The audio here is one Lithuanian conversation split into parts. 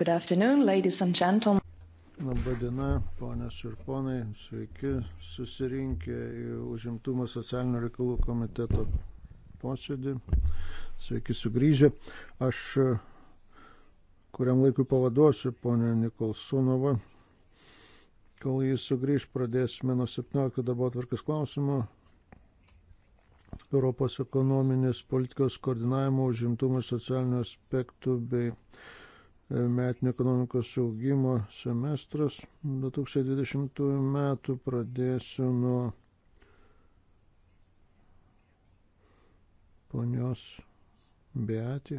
Good afternoon, ladies and gentlemen. Labadiena, ponės ir ponai, sveiki susirinkę į užimtumo socialinių reikalų komiteto posėdį. Sveiki sugrįžę. Aš e, kuriam laikui pavaduosiu ponę Nikolsonovą. Kol jis sugrįž, pradėsime nuo 17 darbo atvarkės klausimo. Europos ekonominės politikos koordinavimo užimtumo socialinių aspektų bei metinio ekonomikos augimo semestras 2020 metų. Pradėsiu nuo ponios Beatį.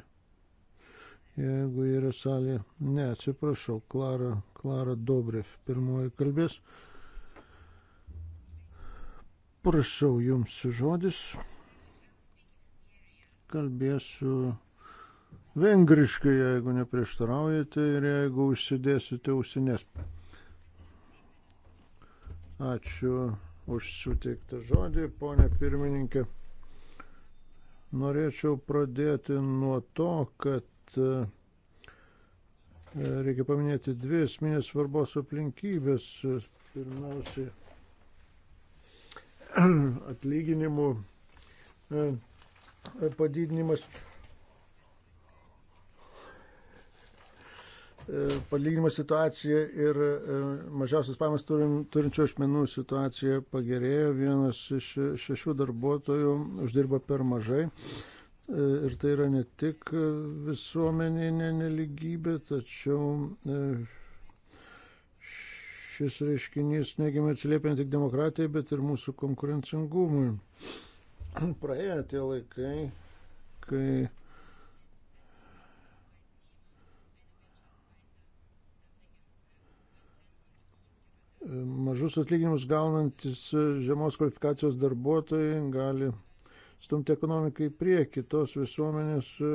Jeigu yra salė, ne, atsiprašau, Klara, Klara Dobrev pirmoji kalbės. Prašau jums žodis. Kalbėsiu vengriškai, jeigu neprieštaraujate ir jeigu užsidėsite ausinės. Ačiū už suteiktą žodį, ponė pirmininkė. Norėčiau pradėti nuo to, kad e, reikia paminėti dvi esminės svarbos aplinkybės. Pirmiausia, atlyginimų e, padidinimas E, palyginimo situacija ir e, mažiausias pajamas turinčių asmenų situacija pagerėjo. Vienas iš šešių darbuotojų uždirba per mažai. E, ir tai yra ne tik visuomeninė neligybė, tačiau šis reiškinys neigiamai atsiliepia ne tik demokratijai, bet ir mūsų konkurencingumui. Praėjo tie laikai, kai mažus atlyginimus gaunantis e, žemos kvalifikacijos darbuotojai gali stumti ekonomikai į priekį tos visuomenės, e,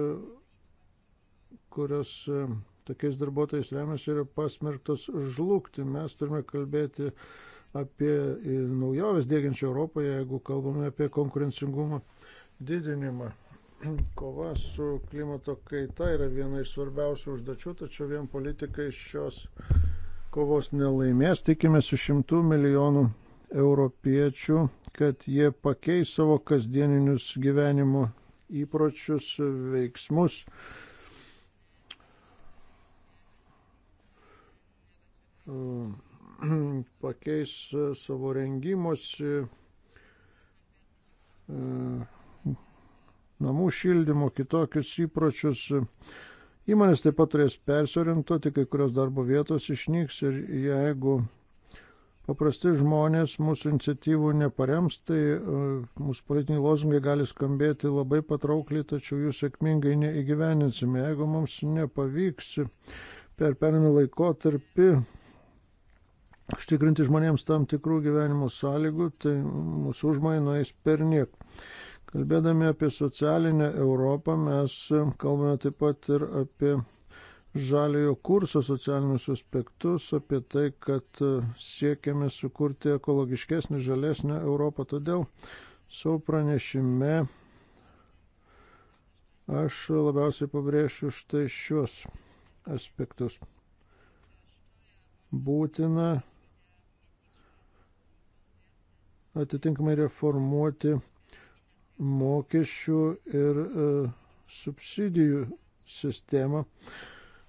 kurios e, tokiais darbuotojais remiasi yra pasmerktos žlugti. Mes turime kalbėti apie naujoves dėgiančią Europoje, jeigu kalbame apie konkurencingumą didinimą. Kova su klimato kaita yra viena iš svarbiausių užduočių, tačiau vien politikai šios kovos nelaimės. Tikimės iš šimtų milijonų europiečių, kad jie pakeis savo kasdieninius gyvenimo įpročius, veiksmus. pakeis savo rengimosi, e, namų šildymo, kitokius įpročius Įmonės taip pat turės persiorientuoti, kai kurios darbo vietos išnyks ir jeigu paprasti žmonės mūsų iniciatyvų neparems, tai e, mūsų politiniai lozungai gali skambėti labai patraukliai, tačiau jų sėkmingai neįgyveninsime. Jeigu mums nepavyks per pernamį laikotarpį užtikrinti žmonėms tam tikrų gyvenimo sąlygų, tai mūsų užmai nueis per niek. Kalbėdami apie socialinę Europą, mes kalbame taip pat ir apie žaliojo kurso socialinius aspektus, apie tai, kad siekiame sukurti ekologiškesnį, žalesnį Europą. Todėl savo pranešime aš labiausiai pabrėšiu štai šios aspektus. Būtina atitinkamai reformuoti mokesčių ir e, subsidijų sistemą.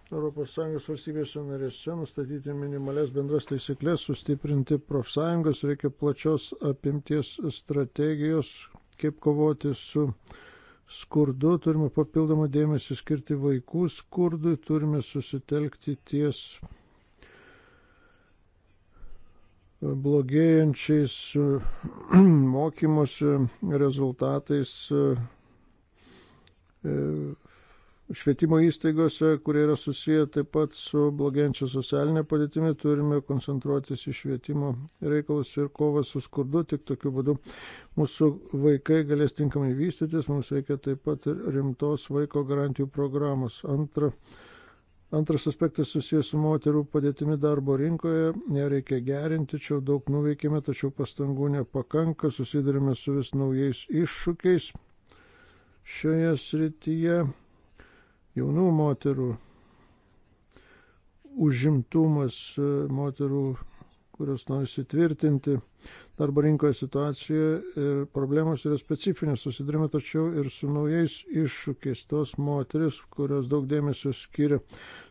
ES valstybėse narėse nustatyti minimales bendras taisyklės, sustiprinti profsąjungas, reikia plačios apimties strategijos, kaip kovoti su skurdu, turime papildomą dėmesį skirti vaikų skurdui, turime susitelkti ties blogėjančiais mokymosi rezultatais e, švietimo įstaigose, kurie yra susiję taip pat su blogėjančia socialinė padėtimi, turime koncentruotis į švietimo reikalus ir kovą su skurdu. Tik tokiu būdu mūsų vaikai galės tinkamai vystytis. Mums reikia taip pat rimtos vaiko garantijų programos. Antra, Antras aspektas susijęs su moterų padėtimi darbo rinkoje, ją reikia gerinti, čia daug nuveikėme, tačiau pastangų nepakanka, susidurime su vis naujais iššūkiais šioje srityje. Jaunų moterų užimtumas, moterų, kurios nori sitvirtinti darbo rinkoje situacija ir problemos yra specifinės, susidurime tačiau ir su naujais iššūkiais. Tos moteris, kurios daug dėmesio skiria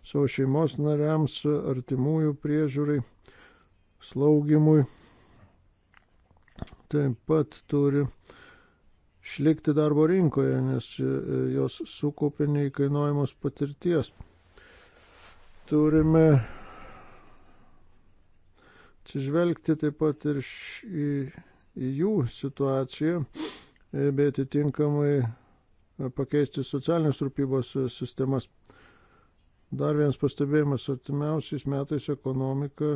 savo šeimos nariams, artimųjų priežiūrai, slaugimui, taip pat turi išlikti darbo rinkoje, nes jos sukaupė neįkainuojamos patirties. Turime atsižvelgti taip pat ir į, į jų situaciją, e, bei atitinkamai e, pakeisti socialinės rūpybos e, sistemas. Dar vienas pastebėjimas, artimiausiais metais ekonomika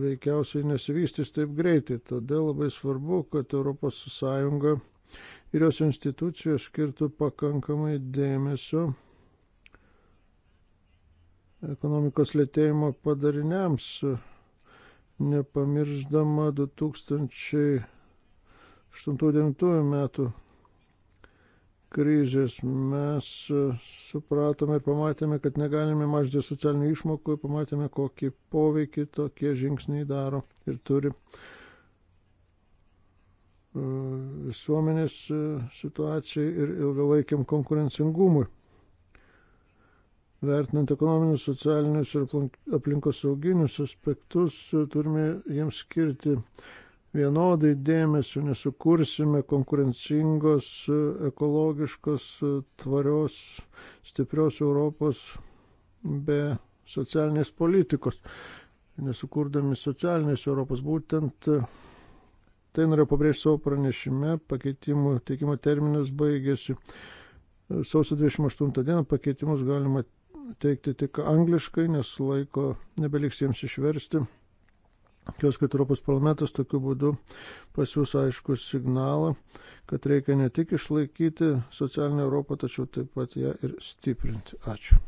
veikiausiai nesivystys taip greitai. Todėl labai svarbu, kad ES ir jos institucijos skirtų pakankamai dėmesio ekonomikos lėtėjimo padariniams, nepamirždama 2008-2009 metų krizės mes supratome ir pamatėme, kad negalime mažinti socialinių išmokų, pamatėme, kokį poveikį tokie žingsniai daro ir turi e, visuomenės e, situacijai ir ilgalaikiam konkurencingumui. Vertinant ekonominius, socialinius ir aplinkos sauginius aspektus, turime jiems skirti vienodai dėmesio, nesukursime konkurencingos, ekologiškos, tvarios, stiprios Europos be socialinės politikos, nesukurdami socialinės Europos. Būtent tai norėjau pabrėžti savo pranešime, pakeitimų teikimo terminas baigėsi sausio 28 dieną, pakeitimus galima teikti tik angliškai, nes laiko nebeliks jiems išversti. Kios, kad Europos parlamentas tokiu būdu pasiūs aišku signalą, kad reikia ne tik išlaikyti socialinę Europą, tačiau taip pat ją ir stiprinti. Ačiū.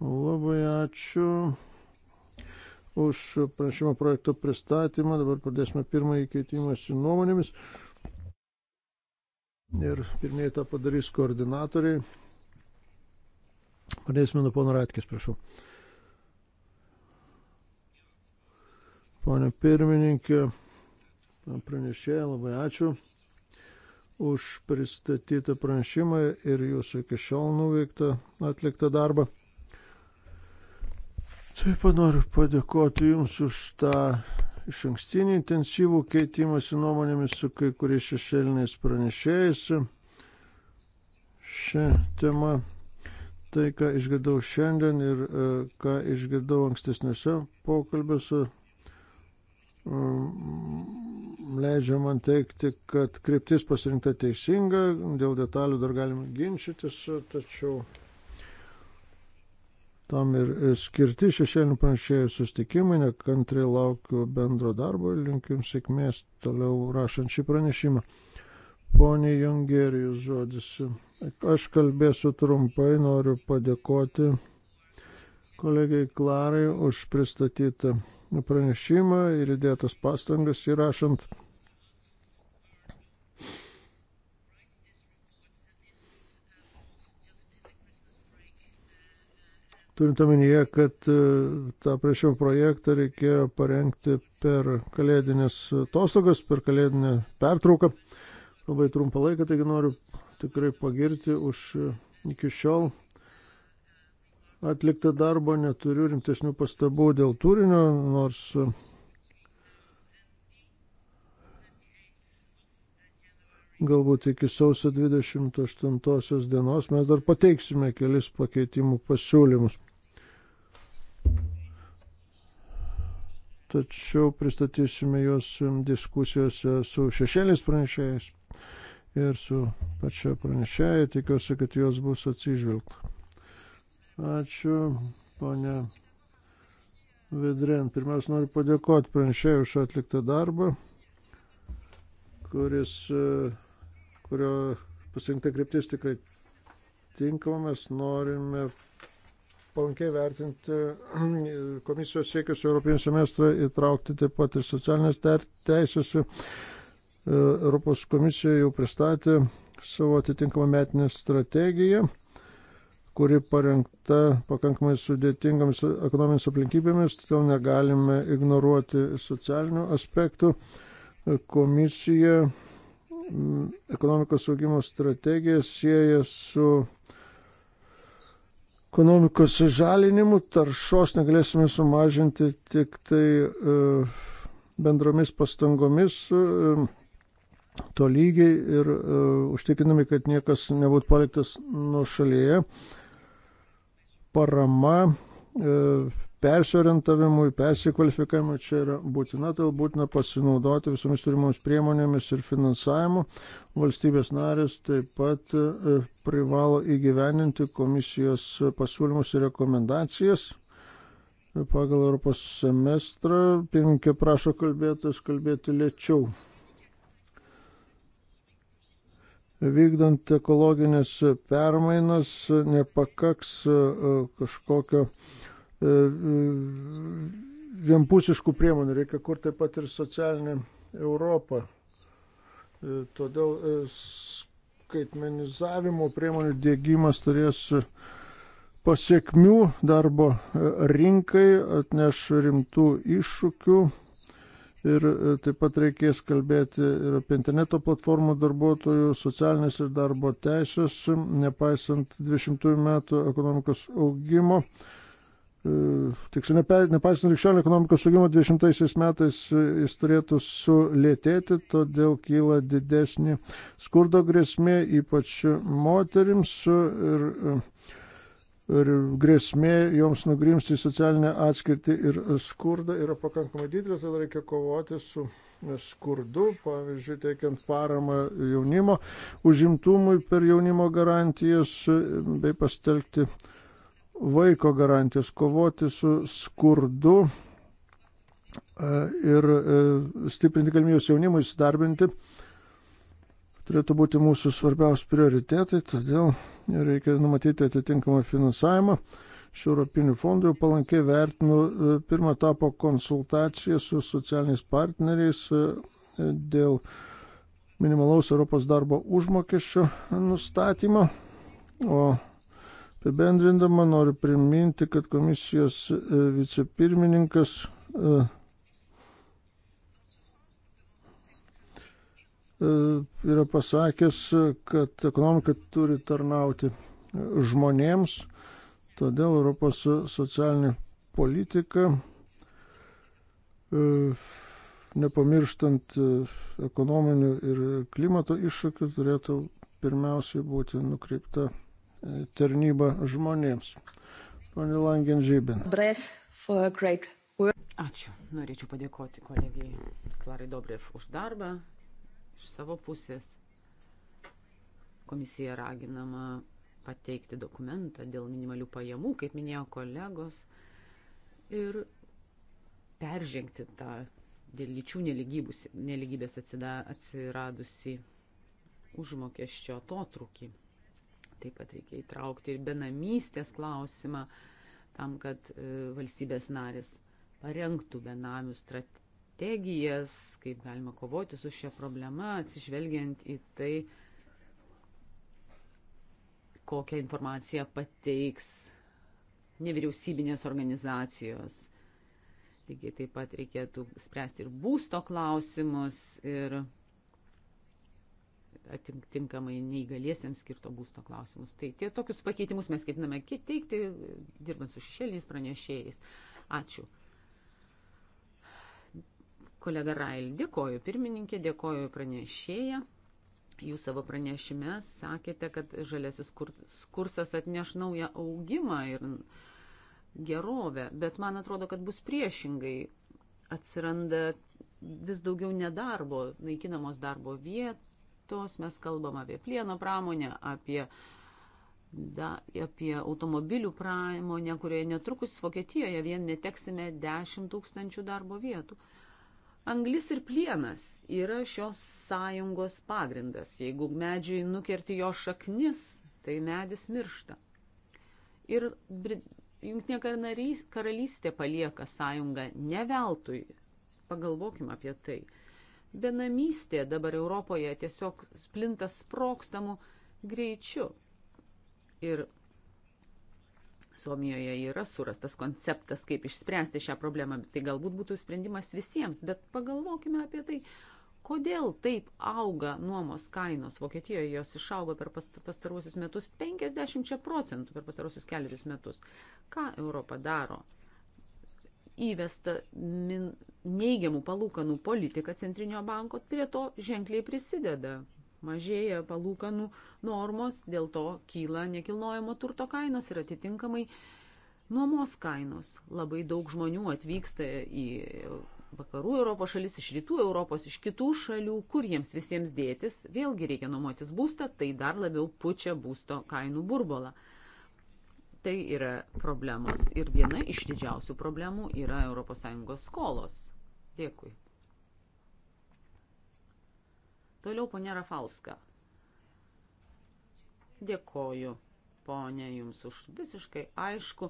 Labai ačiū už pranešimo projekto pristatymą. Dabar pradėsime pirmąjį keitimąsi nuomonėmis. Ir pirmieji tą padarys koordinatoriai. Pradėsime nuo pono Ratkės, prašau. Pone pirmininkė, pranešėja, labai ačiū už pristatytą pranešimą ir jūsų iki šiol nuveiktą atliktą darbą. Taip pat noriu padėkoti Jums už tą iš ankstinį intensyvų keitimąsi nuomonėmis su kai kuriais šešėliniais pranešėjais. Šią temą tai, ką išgirdau šiandien ir e, ką išgirdau ankstesniuose pokalbiuose, mm, leidžia man teikti, kad kryptis pasirinkta teisinga, dėl detalių dar galima ginčytis, tačiau tam ir e, skirti šešėlinių pranešėjų sustikimai, nekantriai laukiu bendro darbo ir linkiu jums sėkmės toliau rašant šį pranešimą. Pone Jungerijus žodis. Aš kalbėsiu trumpai, noriu padėkoti kolegai Klarai už pristatytą pranešimą ir įdėtas pastangas įrašant. Turint omenyje, kad e, tą prašymą projektą reikėjo parengti per kalėdinės atostogas, per kalėdinę pertrauką. Uh, labai trumpą laiką, taigi noriu tikrai pagirti už e, iki šiol atliktą darbą, neturiu rimtesnių pastabų dėl turinio, nors e, galbūt iki sausio 28 dienos mes dar pateiksime kelis pakeitimų pasiūlymus. Tačiau pristatysime juos diskusijose su šešėliais pranešėjais ir su pačia pranešėja. Tikiuosi, kad jos bus atsižvelgta. Ačiū, ponė Vidren. Pirmiausia, noriu padėkoti pranešėjai už atliktą darbą, kuris, e, kurio pasirinkta kryptis tikrai tinkama. Mes norime palankiai vertinti e, komisijos siekius Europinį semestrą įtraukti taip pat ir socialinės teisės E, Europos komisija jau pristatė savo atitinkamą metinę strategiją, kuri parengta pakankamai sudėtingomis ekonominėmis aplinkybėmis, todėl negalime ignoruoti socialinių aspektų. E, komisija mm, ekonomikos augimo strategiją sieja su ekonomikos žalinimu, taršos negalėsime sumažinti tik tai e, bendromis pastangomis. E, to lygiai ir uh, užtikrinami, kad niekas nebūtų paliktas nuošalyje. Parama uh, persiorientavimui, persikvalifikavimui čia yra būtina, tai būtina pasinaudoti visomis turimomis priemonėmis ir finansavimu. Valstybės narės taip pat uh, privalo įgyveninti komisijos pasiūlymus ir rekomendacijas. Pagal Europos semestrą pirmininkė prašo kalbėtas kalbėti lėčiau. vykdant ekologinės permainas nepakaks e, kažkokio e, vienpusiškų priemonių, reikia kurti taip pat ir socialinę Europą. E, todėl skaitmenizavimo priemonių dėgymas turės pasiekmių darbo rinkai, atneš rimtų iššūkių Ir e, taip pat reikės kalbėti ir apie interneto platformų darbuotojų socialinės ir darbo teisės, nepaisant 20 metų ekonomikos augimo. E, tiksliau, nepaisant likščionio ekonomikos augimo 20 metais e, jis turėtų sulėtėti, todėl kyla didesnė skurdo grėsmė, ypač moterims. Ir ir grėsmė joms nugrimsti į socialinę atskirtį ir skurdą yra pakankamai didelė, todėl reikia kovoti su skurdu, pavyzdžiui, teikiant paramą jaunimo užimtumui per jaunimo garantijas bei pastelgti vaiko garantijas, kovoti su skurdu e, ir e, stiprinti galimybės jaunimui įsidarbinti turėtų būti mūsų svarbiausi prioritetai, todėl reikia numatyti atitinkamą finansavimą. Šių europinių fondų jau palankiai vertinu e, pirmą etapo konsultaciją su socialiniais partneriais e, dėl minimalaus Europos darbo užmokesčio nustatymo. O apibendrindama noriu priminti, kad komisijos e, vicepirmininkas E, yra pasakęs, kad ekonomika turi tarnauti žmonėms, todėl Europos socialinė politika, e, nepamirštant ekonominių ir klimato iššūkių, turėtų pirmiausiai būti nukreipta e, tarnyba žmonėms. Pane Langenžybin. Ačiū. Norėčiau padėkoti kolegijai Klarai Dobrev už darbą, Iš savo pusės komisija raginama pateikti dokumentą dėl minimalių pajamų, kaip minėjo kolegos, ir peržengti tą dėl lyčių neligybės atsiradusi užmokesčio atotrukį. Taip pat reikia įtraukti ir benamystės klausimą tam, kad e, valstybės narės parengtų benamių strate strategijas, kaip galima kovoti su šia problema, atsižvelgiant į tai, kokią informaciją pateiks nevyriausybinės organizacijos. Lygiai taip pat reikėtų spręsti ir būsto klausimus ir atitinkamai neįgaliesiems skirto būsto klausimus. Tai tie tokius pakeitimus mes ketiname teikti, dirbant su šešėliniais pranešėjais. Ačiū. Kolega Rail, dėkoju pirmininkė, dėkoju pranešėja. Jūs savo pranešime sakėte, kad žaliasis kursas atneš naują augimą ir gerovę, bet man atrodo, kad bus priešingai. Atsiranda vis daugiau nedarbo, naikinamos darbo vietos, mes kalbam apie plieno pramonę, apie, da, apie automobilių pramonę, kurioje netrukus Vokietijoje vien neteksime 10 tūkstančių darbo vietų. Anglis ir plienas yra šios sąjungos pagrindas. Jeigu medžiui nukerti jo šaknis, tai medis miršta. Ir Junktinė karalystė palieka sąjungą ne veltui. Pagalvokime apie tai. Benamystė dabar Europoje tiesiog splinta sprokstamų greičiu. Ir Suomijoje yra surastas konceptas, kaip išspręsti šią problemą. Tai galbūt būtų sprendimas visiems, bet pagalvokime apie tai, kodėl taip auga nuomos kainos. Vokietijoje jos išaugo per pastaruosius metus 50 procentų per pastaruosius keliarius metus. Ką Europa daro? Įvesta min, neigiamų palūkanų politika centrinio banko prie to ženkliai prisideda mažėja palūkanų normos, dėl to kyla nekilnojamo turto kainos ir atitinkamai nuomos kainos. Labai daug žmonių atvyksta į vakarų Europos šalis, iš rytų Europos, iš kitų šalių, kur jiems visiems dėtis, vėlgi reikia nuomotis būstą, tai dar labiau pučia būsto kainų burbolą. Tai yra problemos ir viena iš didžiausių problemų yra ES skolos. Dėkui. Toliau ponė Rafalska. Dėkoju, ponė, jums už visiškai aišku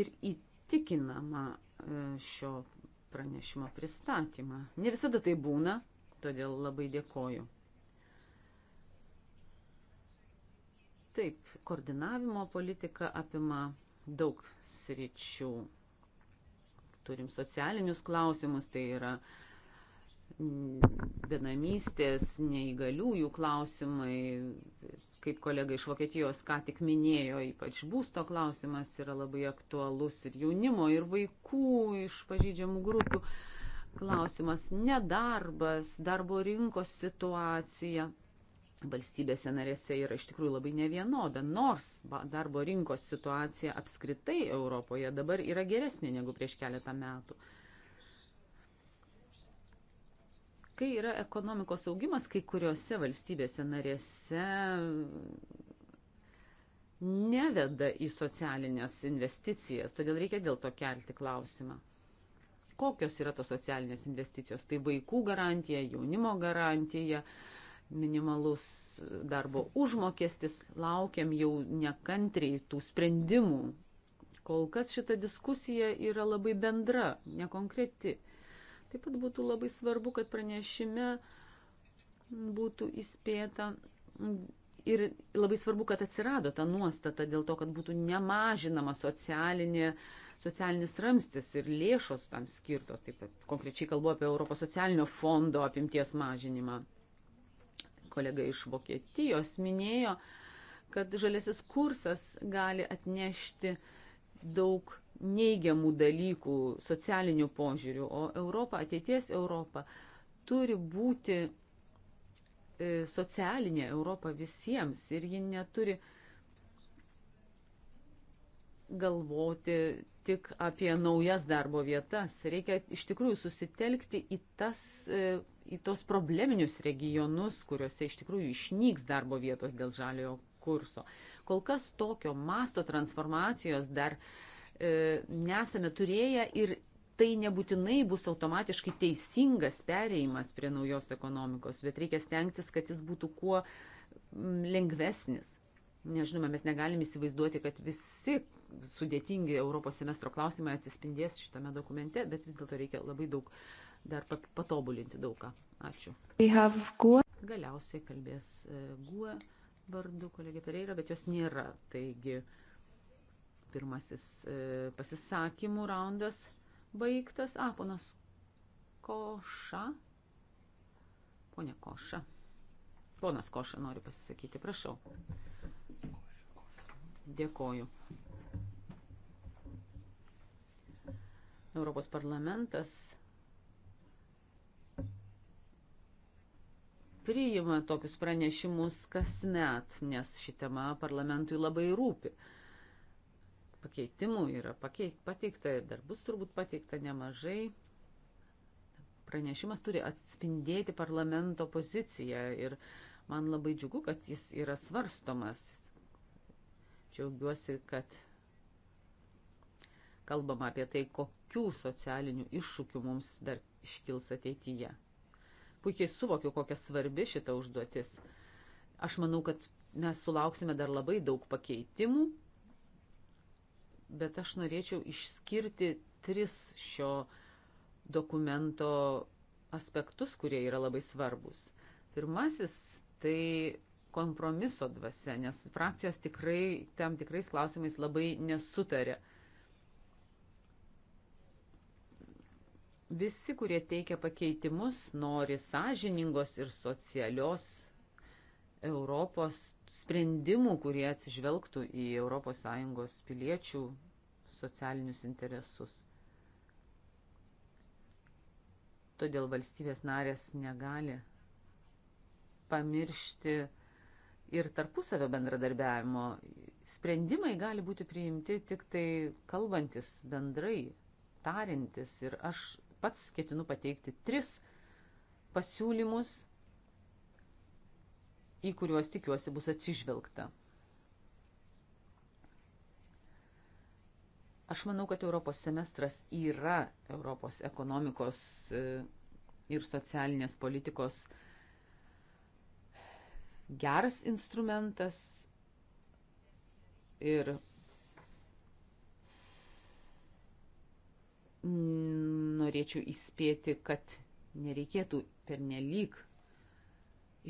ir įtikinamą e, šio pranešimo pristatymą. Ne visada tai būna, todėl labai dėkoju. Taip, koordinavimo politika apima daug sričių. Turim socialinius klausimus, tai yra uh, benamystės, neįgaliųjų klausimai, kaip kolega iš Vokietijos ką tik minėjo, ypač būsto klausimas yra labai aktualus ir jaunimo, ir vaikų iš pažydžiamų grupių klausimas, nedarbas, darbo rinkos situacija. Valstybėse narėse yra iš tikrųjų labai nevienoda, nors darbo rinkos situacija apskritai Europoje dabar yra geresnė negu prieš keletą metų. Kai yra ekonomikos augimas, kai kuriuose valstybėse narėse neveda į socialinės investicijas, todėl reikia dėl to kelti klausimą. Kokios yra tos socialinės investicijos? Tai vaikų garantija, jaunimo garantija, minimalus darbo užmokestis, laukiam jau nekantriai tų sprendimų. Kol kas šita diskusija yra labai bendra, nekonkreti. Taip pat būtų labai svarbu, kad pranešime būtų įspėta ir labai svarbu, kad atsirado ta nuostata dėl to, kad būtų nemažinama socialinė, socialinis ramstis ir lėšos tam skirtos. Taip pat konkrečiai kalbu apie Europos socialinio fondo apimties mažinimą. Kolega iš Vokietijos minėjo, kad žalėsis kursas gali atnešti uh, daug neigiamų dalykų socialinių požiūrių, o Europa, ateities Europa, turi būti e, socialinė Europa visiems ir ji neturi galvoti tik apie naujas darbo vietas. Reikia iš tikrųjų susitelkti į, tas, e, į tos probleminius regionus, kuriuose iš tikrųjų išnyks darbo vietos dėl žaliojo kurso. Uh, Kol kas tokio masto transformacijos dar e, nesame turėję ir tai nebūtinai bus automatiškai teisingas pereimas prie naujos ekonomikos, bet reikia stengtis, kad jis būtų kuo lengvesnis. Nežinoma, mes negalim įsivaizduoti, kad visi sudėtingi Europos semestro klausimai atsispindės šitame dokumente, bet vis dėlto reikia labai daug dar patobulinti daugą. Ačiū. Galiausiai kalbės e, GUE vardu, kolegė Pereira, bet jos nėra. Taigi pirmasis e, pasisakymų raundas baigtas. A, ponas Koša. Pone Koša. Ponas Koša nori pasisakyti, prašau. Dėkoju. Europos parlamentas priima tokius pranešimus kasmet, nes ši tema parlamentui labai rūpi. Pakeitimų yra pakeit, pateikta ir dar bus turbūt pateikta nemažai. Pranešimas turi atspindėti parlamento poziciją ir man labai džiugu, kad jis yra svarstomas. Džiaugiuosi, kad kalbama apie tai, kokių socialinių iššūkių mums dar iškils ateityje puikiai suvokiu, kokia svarbi šita užduotis. Aš manau, kad mes sulauksime dar labai daug pakeitimų, bet aš norėčiau išskirti tris šio dokumento aspektus, kurie yra labai svarbus. Pirmasis - tai kompromiso dvasia, nes frakcijos tikrai tam tikrais klausimais labai nesutarė. visi, kurie teikia pakeitimus, nori sąžiningos ir socialios Europos sprendimų, kurie atsižvelgtų į ES piliečių socialinius interesus. Todėl valstybės narės negali pamiršti ir tarpusavio bendradarbiavimo. Sprendimai gali būti priimti tik tai kalbantis bendrai, tarintis. Ir aš pats ketinu pateikti tris pasiūlymus, į kuriuos tikiuosi bus atsižvelgta. Aš manau, kad Europos semestras yra Europos ekonomikos e, ir socialinės politikos geras instrumentas ir norėčiau įspėti, kad nereikėtų pernelyg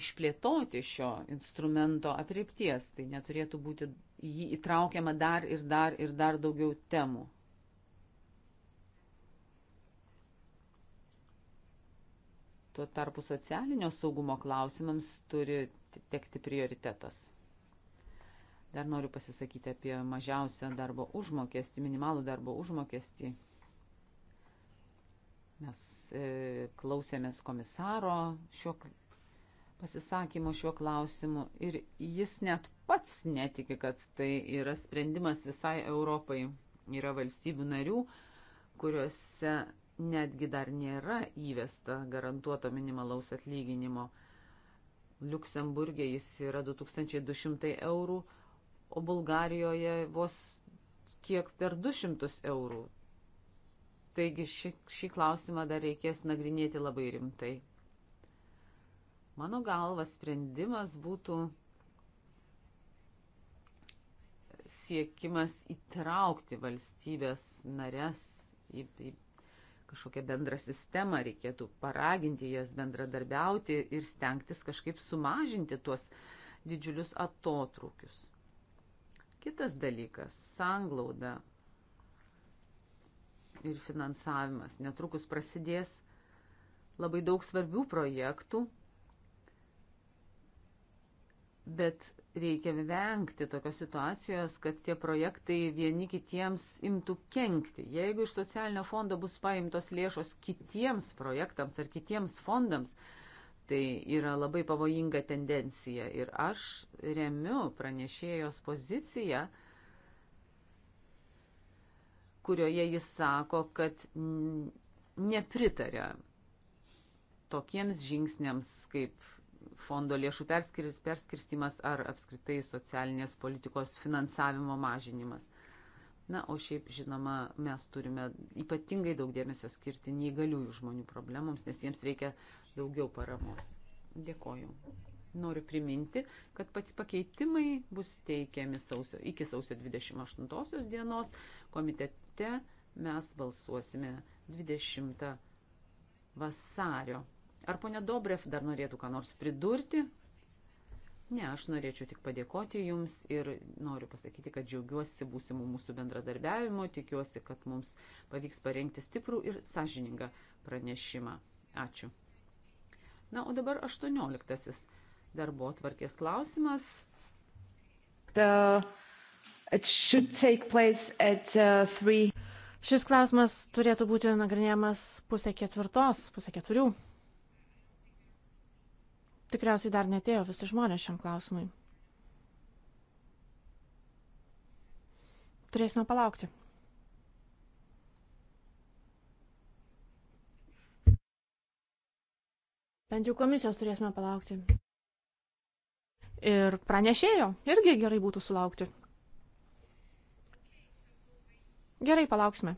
išplėtoti šio instrumento apriepties, tai neturėtų būti jį įtraukiama dar ir dar ir dar daugiau temų. Tuo tarpu socialinio saugumo klausimams turi tekti prioritetas. Dar noriu pasisakyti apie mažiausią darbo užmokestį, minimalų darbo užmokestį. Mes e, klausėmės komisaro šio pasisakymo šiuo klausimu ir jis net pats netiki, kad tai yra sprendimas visai Europai. Yra valstybių narių, kuriuose netgi dar nėra įvesta garantuoto minimalaus atlyginimo. Luksemburgė jis yra 2200 eurų, o Bulgarijoje vos kiek per 200 eurų. Taigi šį, šį klausimą dar reikės nagrinėti labai rimtai. Mano galva sprendimas būtų siekimas įtraukti valstybės narės į, į kažkokią bendrą sistemą, reikėtų paraginti jas bendradarbiauti ir stengtis kažkaip sumažinti tuos didžiulius atotrukius. Kitas dalykas - sanglauda ir finansavimas. Netrukus prasidės labai daug svarbių projektų, bet reikia vengti tokios situacijos, kad tie projektai vieni kitiems imtų kenkti. Jeigu iš socialinio fondo bus paimtos lėšos kitiems projektams ar kitiems fondams, Tai yra labai pavojinga tendencija ir aš remiu pranešėjos poziciją, kurioje jis sako, kad nepritarė tokiems žingsniams kaip fondo lėšų perskirstimas ar apskritai socialinės politikos finansavimo mažinimas. Na, o šiaip, žinoma, mes turime ypatingai daug dėmesio skirti neįgaliųjų žmonių problemams, nes jiems reikia daugiau paramos. Dėkoju. Noriu priminti, kad pati pakeitimai bus teikiami sausio, iki sausio 28 dienos. Komitete mes balsuosime 20 vasario. Ar ponia Dobrev dar norėtų ką nors pridurti? Ne, aš norėčiau tik padėkoti Jums ir noriu pasakyti, kad džiaugiuosi būsimų mūsų bendradarbiavimo, tikiuosi, kad mums pavyks parengti stiprų ir sąžiningą pranešimą. Ačiū. Na, o dabar 18 darbo tvarkės klausimas. The, at, uh, Šis klausimas turėtų būti nagrinėjamas pusę ketvirtos, pusę keturių. Tikriausiai dar netėjo visi žmonės šiam klausimui. Turėsime palaukti. Bent jau komisijos turėsime palaukti ir pranešėjo irgi gerai būtų sulaukti. Gerai, palauksime.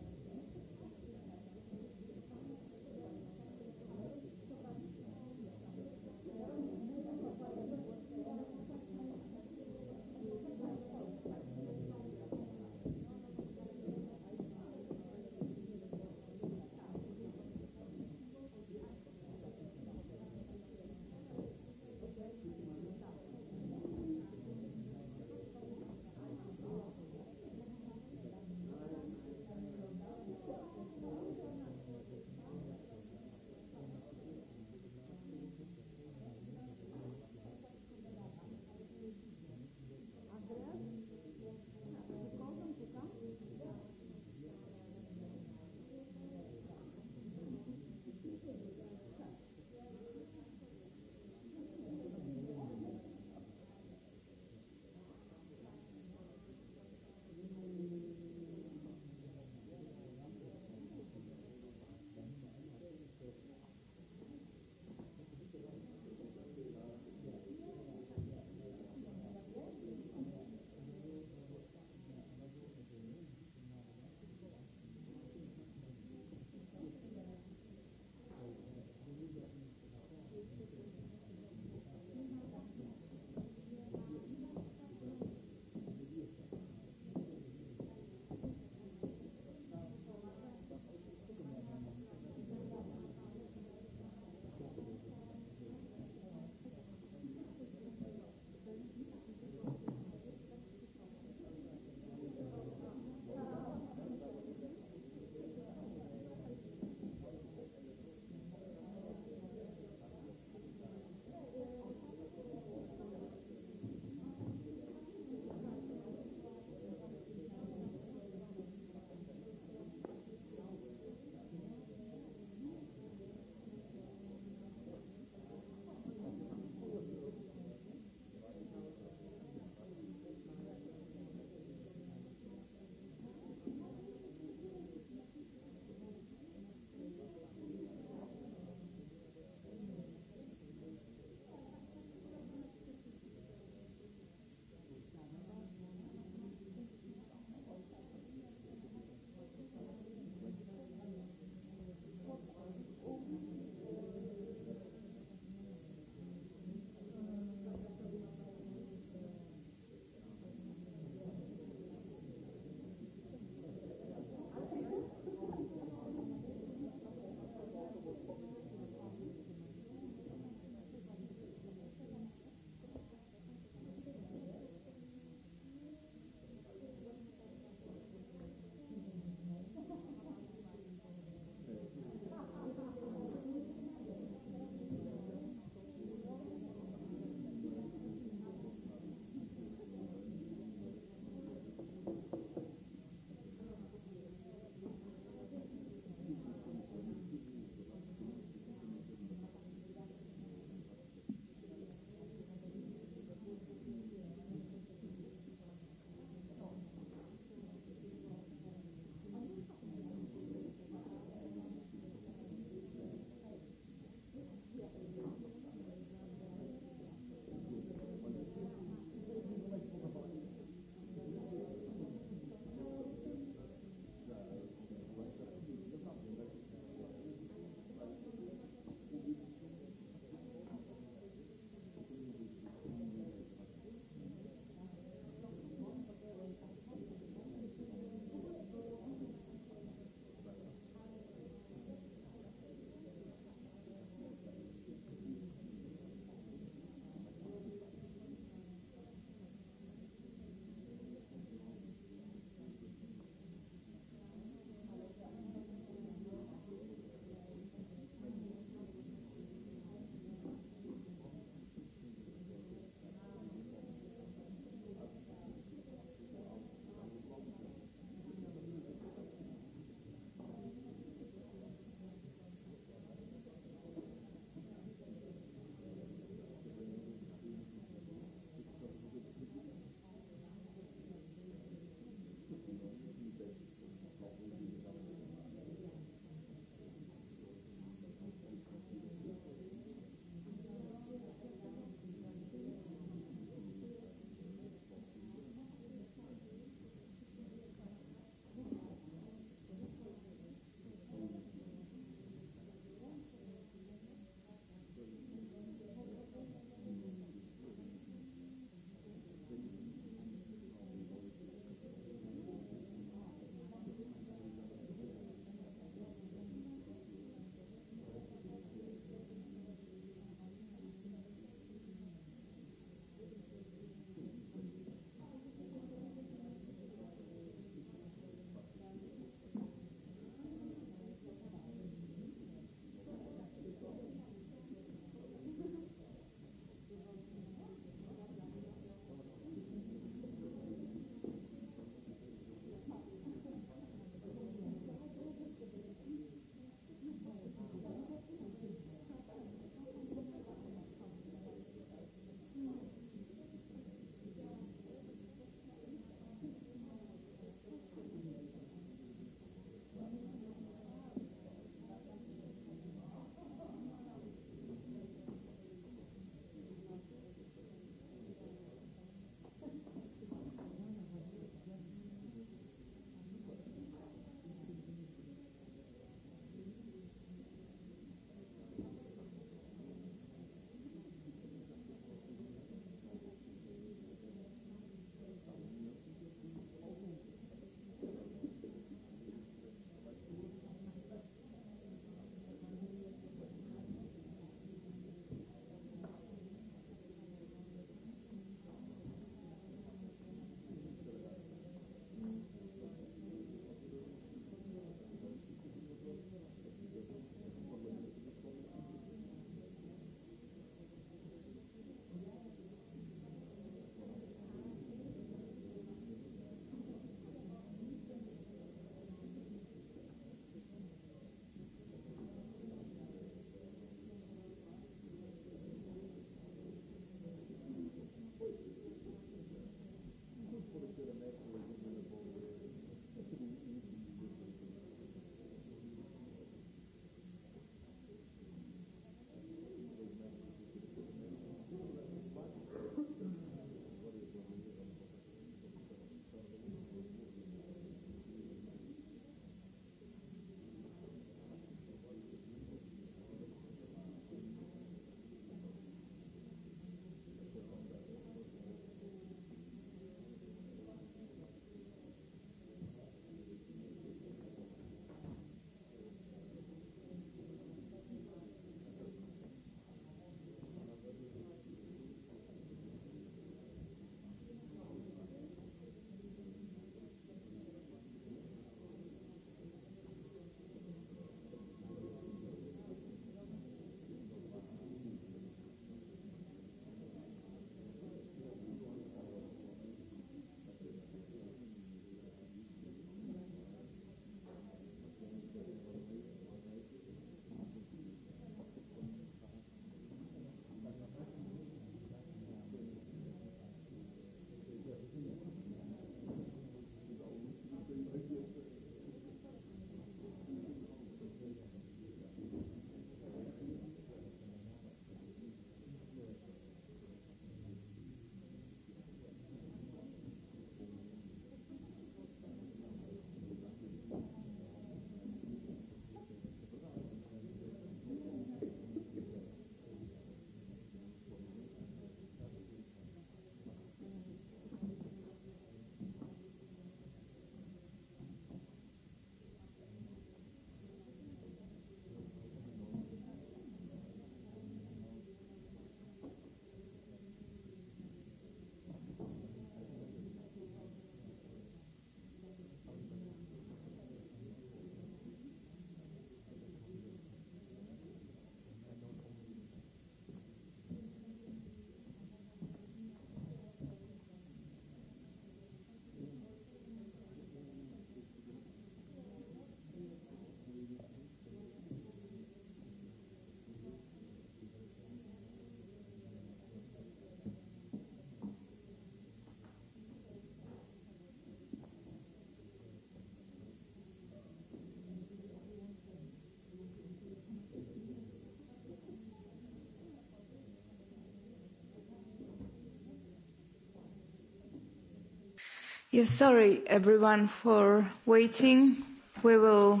Yes, sorry everyone for waiting. We will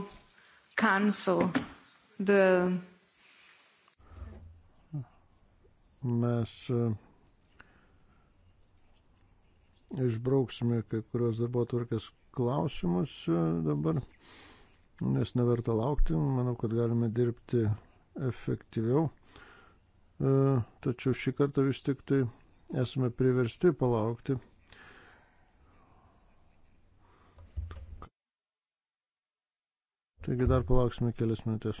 cancel the. Mes e, išbrauksime kai kurios darbo tvarkės klausimus e, dabar, nes neverta laukti. Manau, kad galime dirbti efektyviau. E, tačiau šį kartą vis tik tai esame priversti palaukti Taigi dar palauksime kelias minutės.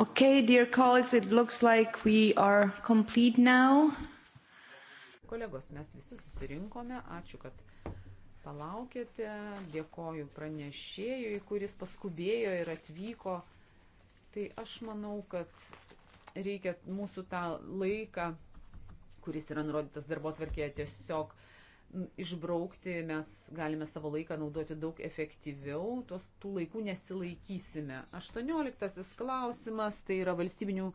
Okay, dear colleagues, it looks like we are complete now. Kolegos, mes visi susirinkome. Ačiū, kad palaukėte. Dėkoju pranešėjui, kuris paskubėjo ir atvyko. Tai aš manau, kad reikia mūsų tą laiką, kuris yra nurodytas darbo tvarkėje, tiesiog uh, išbraukti, mes galime savo laiką naudoti daug efektyviau, tuos tų laikų nesilaikysime. 18 klausimas tai yra valstybinių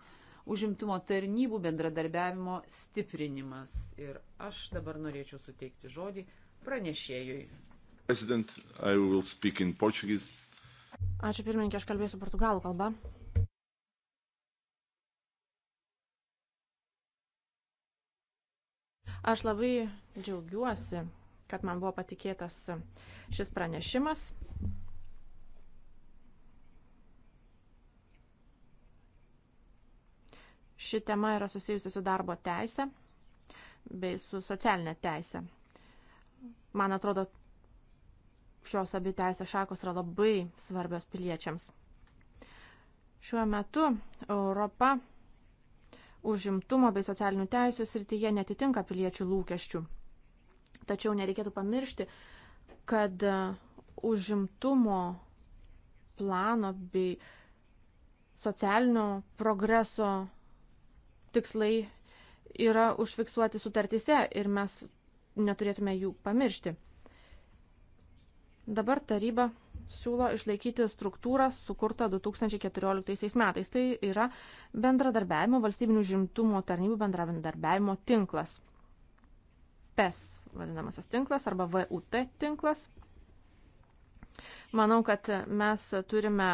užimtumo tarnybų bendradarbiavimo stiprinimas. Ir aš dabar norėčiau suteikti žodį pranešėjui. Ačiū pirmininkė, aš kalbėsiu portugalų kalbą. Aš labai džiaugiuosi, kad man buvo patikėtas šis pranešimas. Ši tema yra susijusi su darbo teise bei su socialinė teise. Man atrodo, šios abi teisės šakos yra labai svarbios piliečiams. Šiuo metu Europa užimtumo bei socialinių teisų srityje netitinka piliečių lūkesčių. Tačiau nereikėtų pamiršti, kad e, užimtumo plano bei socialinio progreso tikslai yra užfiksuoti sutartyse ir mes neturėtume jų pamiršti. Dabar taryba siūlo išlaikyti struktūrą sukurtą 2014 metais. Tai yra bendradarbiavimo valstybinių žimtumo tarnybų bendradarbiavimo tinklas. PES vadinamasis tinklas arba VUT tinklas. Manau, kad mes turime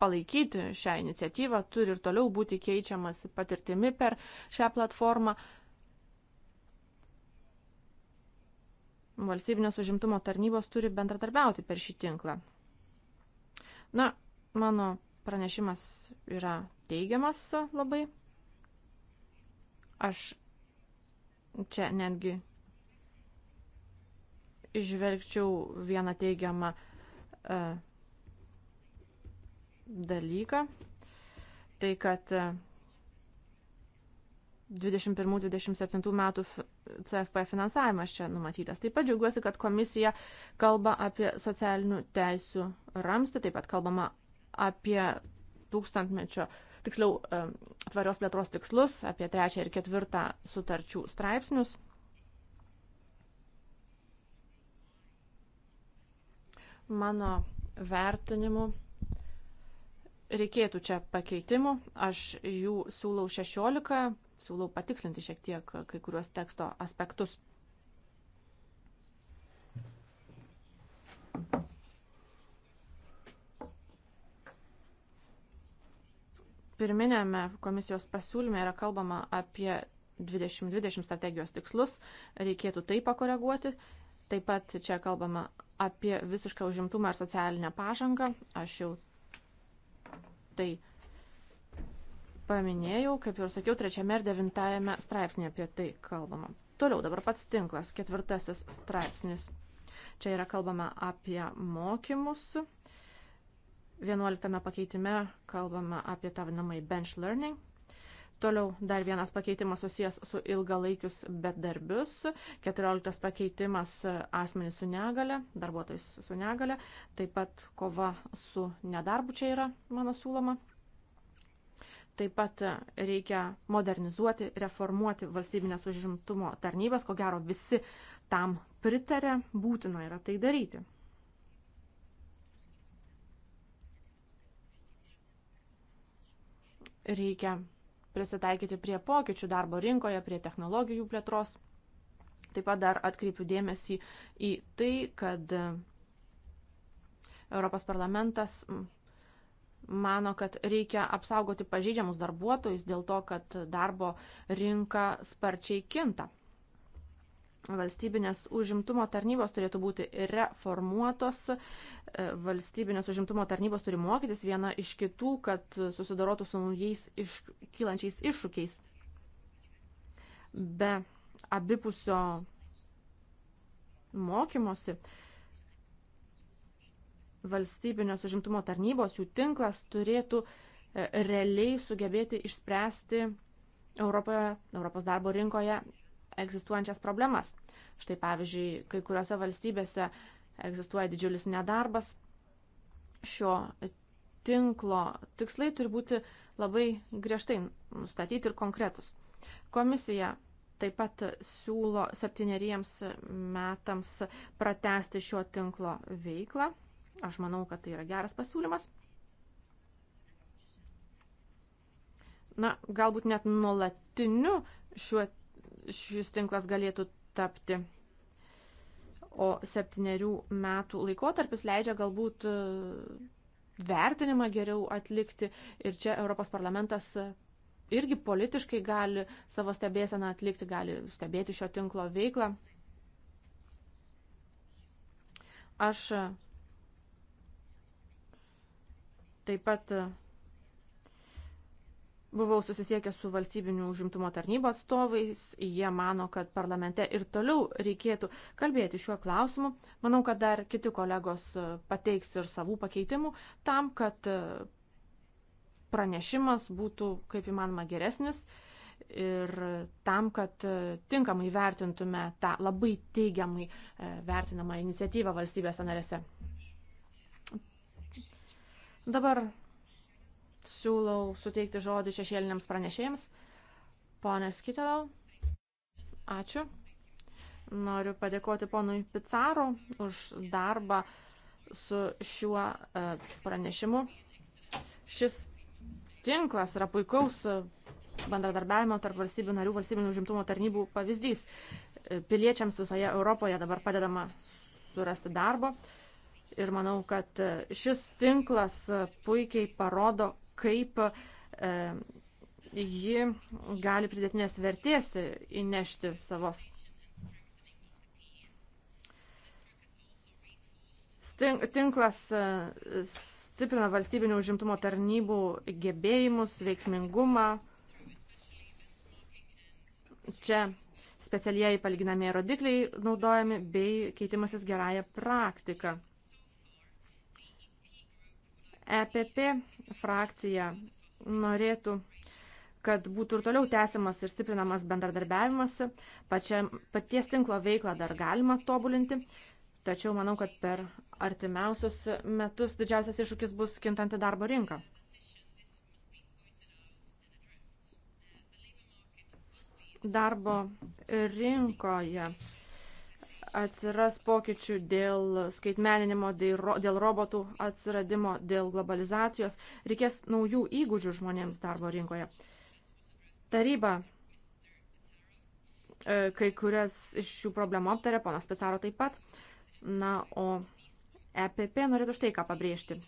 palaikyti šią iniciatyvą, turi ir toliau būti keičiamas patirtimi per šią platformą. Valstybinės užimtumo tarnybos turi bendradarbiauti per šį tinklą. Na, mano pranešimas yra teigiamas labai. Aš čia netgi išvelgčiau vieną teigiamą e, dalyką. Tai, kad 21-27 e, metų CFP finansavimas čia numatytas. Taip pat džiaugiuosi, kad komisija kalba apie socialinių teisių ramstį, taip pat kalbama apie tūkstantmečio, tiksliau, tvarios plėtros tikslus, apie trečią ir ketvirtą sutarčių straipsnius. Mano vertinimu reikėtų čia pakeitimų, aš jų siūlau 16 siūlau patikslinti šiek tiek kai kuriuos teksto aspektus. Pirminėme komisijos pasiūlyme yra kalbama apie 2020 strategijos tikslus, reikėtų tai pakoreguoti. Taip pat čia kalbama apie visišką užimtumą ir socialinę pažangą. Aš jau tai paminėjau, kaip jau ir sakiau, trečiame ir devintajame straipsnėje apie tai kalbama. Toliau dabar pats tinklas, ketvirtasis straipsnis. Čia yra kalbama apie mokymus. Vienuoliktame pakeitime kalbama apie tą vadinamąjį bench learning. Toliau dar vienas pakeitimas susijęs su ilgalaikius bedarbius, 14 pakeitimas asmenys su negale, darbuotojais su negale, taip pat kova su nedarbu čia yra mano siūloma Taip pat e, reikia modernizuoti, reformuoti valstybinės užimtumo tarnybas, ko gero visi tam pritarė, būtina yra tai daryti. Reikia prisitaikyti prie pokyčių darbo rinkoje, prie technologijų plėtros. Taip pat dar atkreipiu dėmesį į tai, kad Europos parlamentas mano, kad reikia apsaugoti pažeidžiamus darbuotojus dėl to, kad darbo rinka sparčiai kinta. Valstybinės užimtumo tarnybos turėtų būti reformuotos, e, valstybinės užimtumo tarnybos turi mokytis viena iš kitų, kad susidorotų su naujais iš, kylančiais iššūkiais. Be abipusio mokymosi, uh, valstybinės užimtumo tarnybos, jų tinklas turėtų e, realiai sugebėti išspręsti Europoje, Europos darbo rinkoje egzistuojančias problemas. Štai pavyzdžiui, kai kuriuose valstybėse egzistuoja didžiulis nedarbas. Šio tinklo tikslai turi būti labai griežtai nustatyti ir konkretus. Komisija taip pat siūlo septyneriems metams pratesti šio tinklo veiklą Aš manau, kad tai yra geras pasiūlymas. Na, galbūt net nuolatiniu šiuo, šis tinklas galėtų tapti. O septyniarių metų laikotarpis leidžia galbūt e, vertinimą geriau atlikti. Ir čia Europos parlamentas e, irgi politiškai gali savo stebėseną atlikti, gali stebėti šio tinklo veiklą. Aš e, Taip pat e, buvau susisiekęs su valstybiniu užimtumo tarnybo atstovais, jie mano, kad parlamente ir toliau reikėtų kalbėti šiuo klausimu. Manau, kad dar kiti kolegos e, pateiks ir savų pakeitimų tam, kad e, pranešimas būtų kaip įmanoma geresnis ir tam, kad tinkamai vertintume tą labai teigiamai vertinamą iniciatyvą valstybėse narėse. Dabar siūlau suteikti žodį šešėliniams pranešėjams. Pone Skitelau, ačiū. Noriu padėkoti ponui Pizarro už darbą su šiuo e, pranešimu. Šis tinklas yra puikaus e, bendradarbiavimo tarp valstybių narių valstybinių užimtumo tarnybų pavyzdys. E, piliečiams visoje Europoje dabar padedama surasti darbo. Ir manau, kad e, šis tinklas e, puikiai parodo, kaip e, ji gali pridėtinės vertės įnešti savos. Tinklas e, stiprina valstybinių užimtumo tarnybų gebėjimus, veiksmingumą. Čia specialieji palginamieji rodikliai naudojami bei keitimasis gerąją praktiką. EPP frakcija norėtų kad būtų ir toliau tęsiamas ir stiprinamas bendradarbiavimas. Pačia, paties tinklo veiklą dar galima tobulinti, tačiau manau, kad per artimiausius metus didžiausias iššūkis bus kintanti darbo rinka. Darbo rinkoje atsiras pokyčių dėl skaitmeninimo, dėl robotų atsiradimo, dėl globalizacijos, reikės naujų įgūdžių žmonėms darbo rinkoje. Taryba e, kai kurias iš šių problemų aptarė, ponas Picaro taip pat. Na, o EPP norėtų štai ką pabrėžti.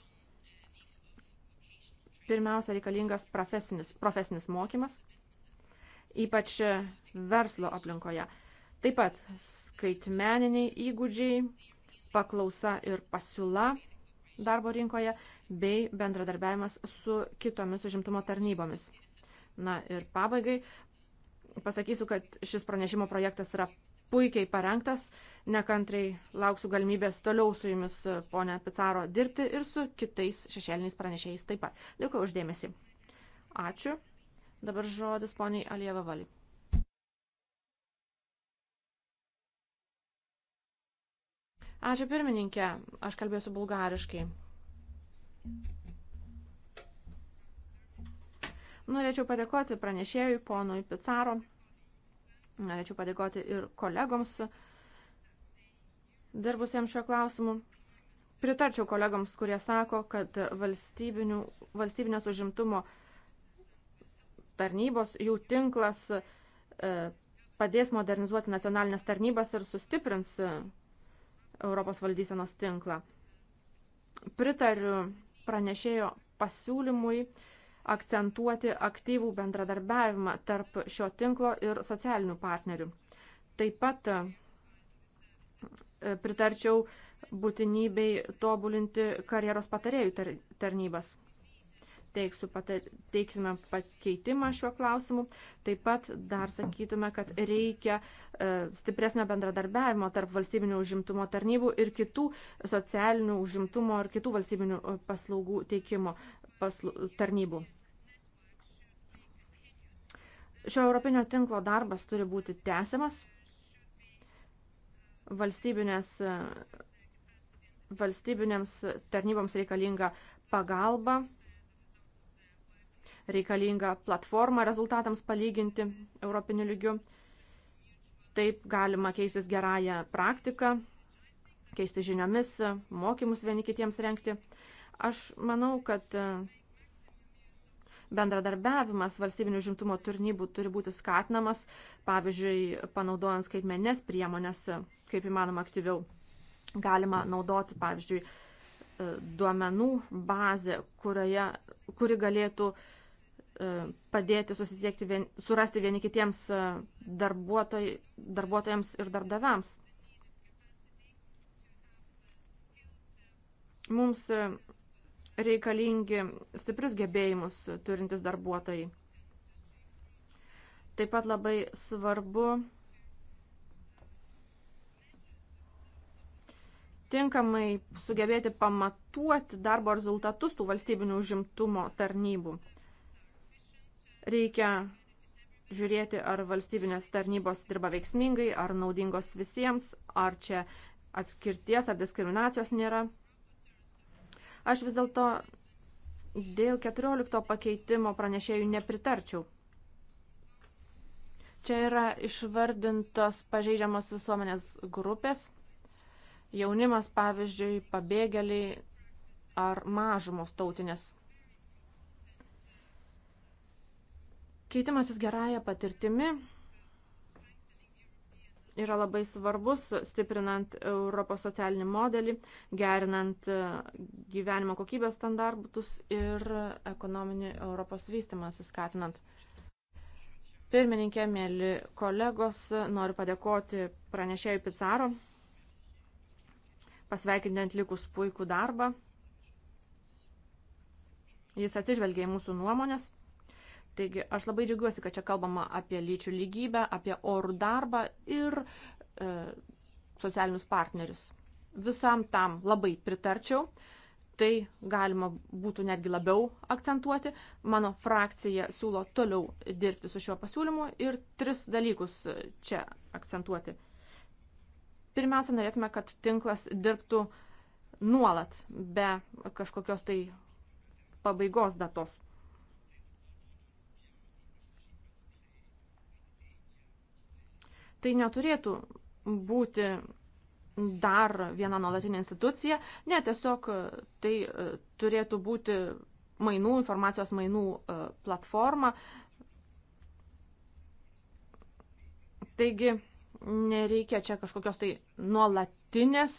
Pirmiausia, reikalingas profesinis, profesinis mokymas, ypač verslo aplinkoje. Taip pat skaitmeniniai įgūdžiai, paklausa ir pasiūla darbo rinkoje bei bendradarbiavimas su kitomis užimtumo tarnybomis. Na ir pabaigai pasakysiu, kad šis pranešimo projektas yra puikiai parengtas, nekantrai lauksiu galimybės toliau su jumis, ponia Picaro, dirbti ir su kitais šešėliniais pranešėjais taip pat. Dėkuoju uždėmesi. Ačiū. Dabar žodis poniai Alieva Vali. Ačiū pirmininkė, aš kalbėsiu bulgariškai. Norėčiau padėkoti pranešėjui, ponui Picaro. Norėčiau padėkoti ir kolegoms, dirbusiems šio klausimu. Pritarčiau kolegoms, kurie sako, kad valstybinės užimtumo tarnybos, jų tinklas e, padės modernizuoti nacionalinės tarnybas ir sustiprins Europos valdysenos tinklą. Pritariu pranešėjo pasiūlymui akcentuoti aktyvų bendradarbiavimą tarp šio tinklo ir socialinių partnerių. Taip pat e, pritarčiau būtinybei tobulinti karjeros patarėjų tarnybas teiksiu, patar, teiksime pakeitimą šiuo klausimu. Taip pat dar sakytume, kad reikia e, stipresnio bendradarbiavimo tarp valstybinių užimtumo tarnybų ir kitų socialinių užimtumo ir kitų valstybinių e, paslaugų teikimo paslu, tarnybų. Šio europinio tinklo darbas turi būti tęsiamas. Valstybinės, e, valstybinėms tarnyboms reikalinga pagalba reikalingą platformą rezultatams palyginti europiniu lygiu. Taip galima keistis gerąją praktiką, keisti žiniomis, mokymus vieni kitiems renkti. Aš manau, kad e, bendradarbiavimas valstybinių žimtumo tarnybų turi būti skatinamas, pavyzdžiui, panaudojant skaitmenės priemonės, e, kaip įmanoma aktyviau. Galima naudoti, pavyzdžiui, e, duomenų bazę, kurioje, kuri galėtų uh, E, padėti susisiekti, vien, surasti vieni kitiems e, darbuotoj, darbuotojams ir darbdaviams. Mums e, reikalingi stiprius gebėjimus turintis darbuotojai. Taip pat labai svarbu tinkamai sugebėti pamatuoti darbo rezultatus tų valstybinių užimtumo tarnybų. Reikia žiūrėti, ar valstybinės tarnybos dirba veiksmingai, ar naudingos visiems, ar čia atskirties ar diskriminacijos nėra. Aš vis dėlto dėl 14 pakeitimo pranešėjų nepritarčiau. Čia yra išvardintos pažeidžiamos visuomenės grupės, jaunimas, pavyzdžiui, pabėgėliai ar mažumos tautinės Keitimasis gerąją patirtimi yra labai svarbus, stiprinant Europos socialinį modelį, gerinant e, gyvenimo kokybės standartus ir ekonominį Europos vystimąsi skatinant. Pirmininkė, mėly kolegos, noriu padėkoti pranešėjui Pizarro, pasveikinti atlikus puikų darbą. Jis atsižvelgia į mūsų nuomonės. Taigi aš labai džiaugiuosi, kad čia kalbama apie lyčių lygybę, apie orų darbą ir e, socialinius partnerius. Visam tam labai pritarčiau. Tai galima būtų netgi labiau akcentuoti. Mano frakcija siūlo toliau dirbti su šiuo pasiūlymu ir tris dalykus čia akcentuoti. Pirmiausia, norėtume, kad tinklas dirbtų nuolat, be kažkokios tai pabaigos datos Tai neturėtų būti dar viena nuolatinė institucija, ne, tiesiog tai e, turėtų būti mainų, informacijos mainų e, platforma. Taigi nereikia čia kažkokios tai nuolatinės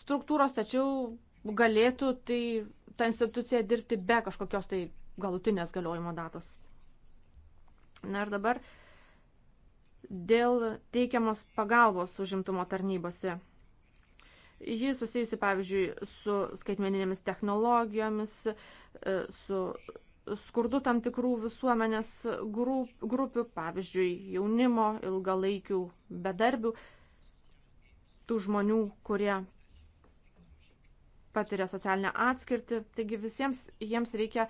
struktūros, tačiau galėtų tai ta institucija dirbti be kažkokios tai galutinės galiojimo datos. Na ir dabar uh, dėl teikiamos pagalbos užimtumo tarnybose. Ji susijusi, pavyzdžiui, su skaitmeninėmis technologijomis, e, su skurdu tam tikrų visuomenės grupių, pavyzdžiui, jaunimo, ilgalaikių bedarbių, tų žmonių, kurie patiria socialinę atskirtį. Taigi visiems jiems reikia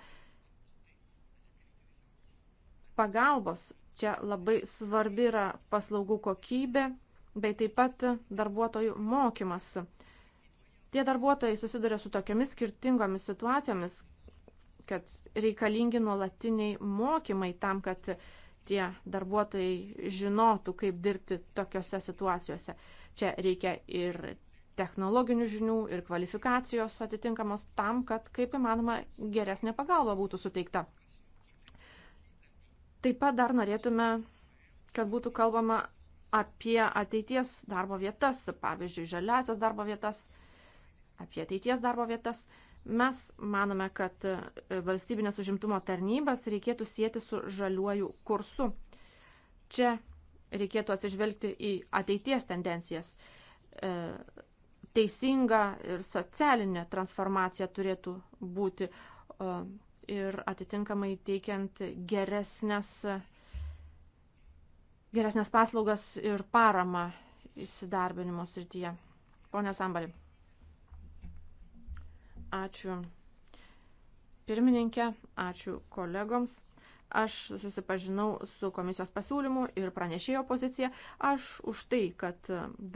pagalbos Čia labai svarbi yra paslaugų kokybė, bei taip pat darbuotojų mokymas. Tie darbuotojai susiduria su tokiamis skirtingomis situacijomis, kad reikalingi nuolatiniai mokymai tam, kad tie darbuotojai žinotų, kaip dirbti tokiuose situacijose. Čia reikia ir technologinių žinių, ir kvalifikacijos atitinkamos tam, kad kaip įmanoma geresnė pagalba būtų suteikta. Taip pat dar norėtume, kad būtų kalbama apie ateities darbo vietas, pavyzdžiui, žaliasias darbo vietas, apie ateities darbo vietas. Mes manome, kad e, valstybinės užimtumo tarnybas reikėtų sieti su žaliuoju kursu. Čia reikėtų atsižvelgti į ateities tendencijas. E, teisinga ir socialinė transformacija turėtų būti ir atitinkamai teikiant geresnės, geresnės paslaugas ir paramą įsidarbinimo srityje. Pone Sambali. Ačiū pirmininkė, ačiū kolegoms. Aš susipažinau su komisijos pasiūlymu ir pranešėjo pozicija. Aš už tai, kad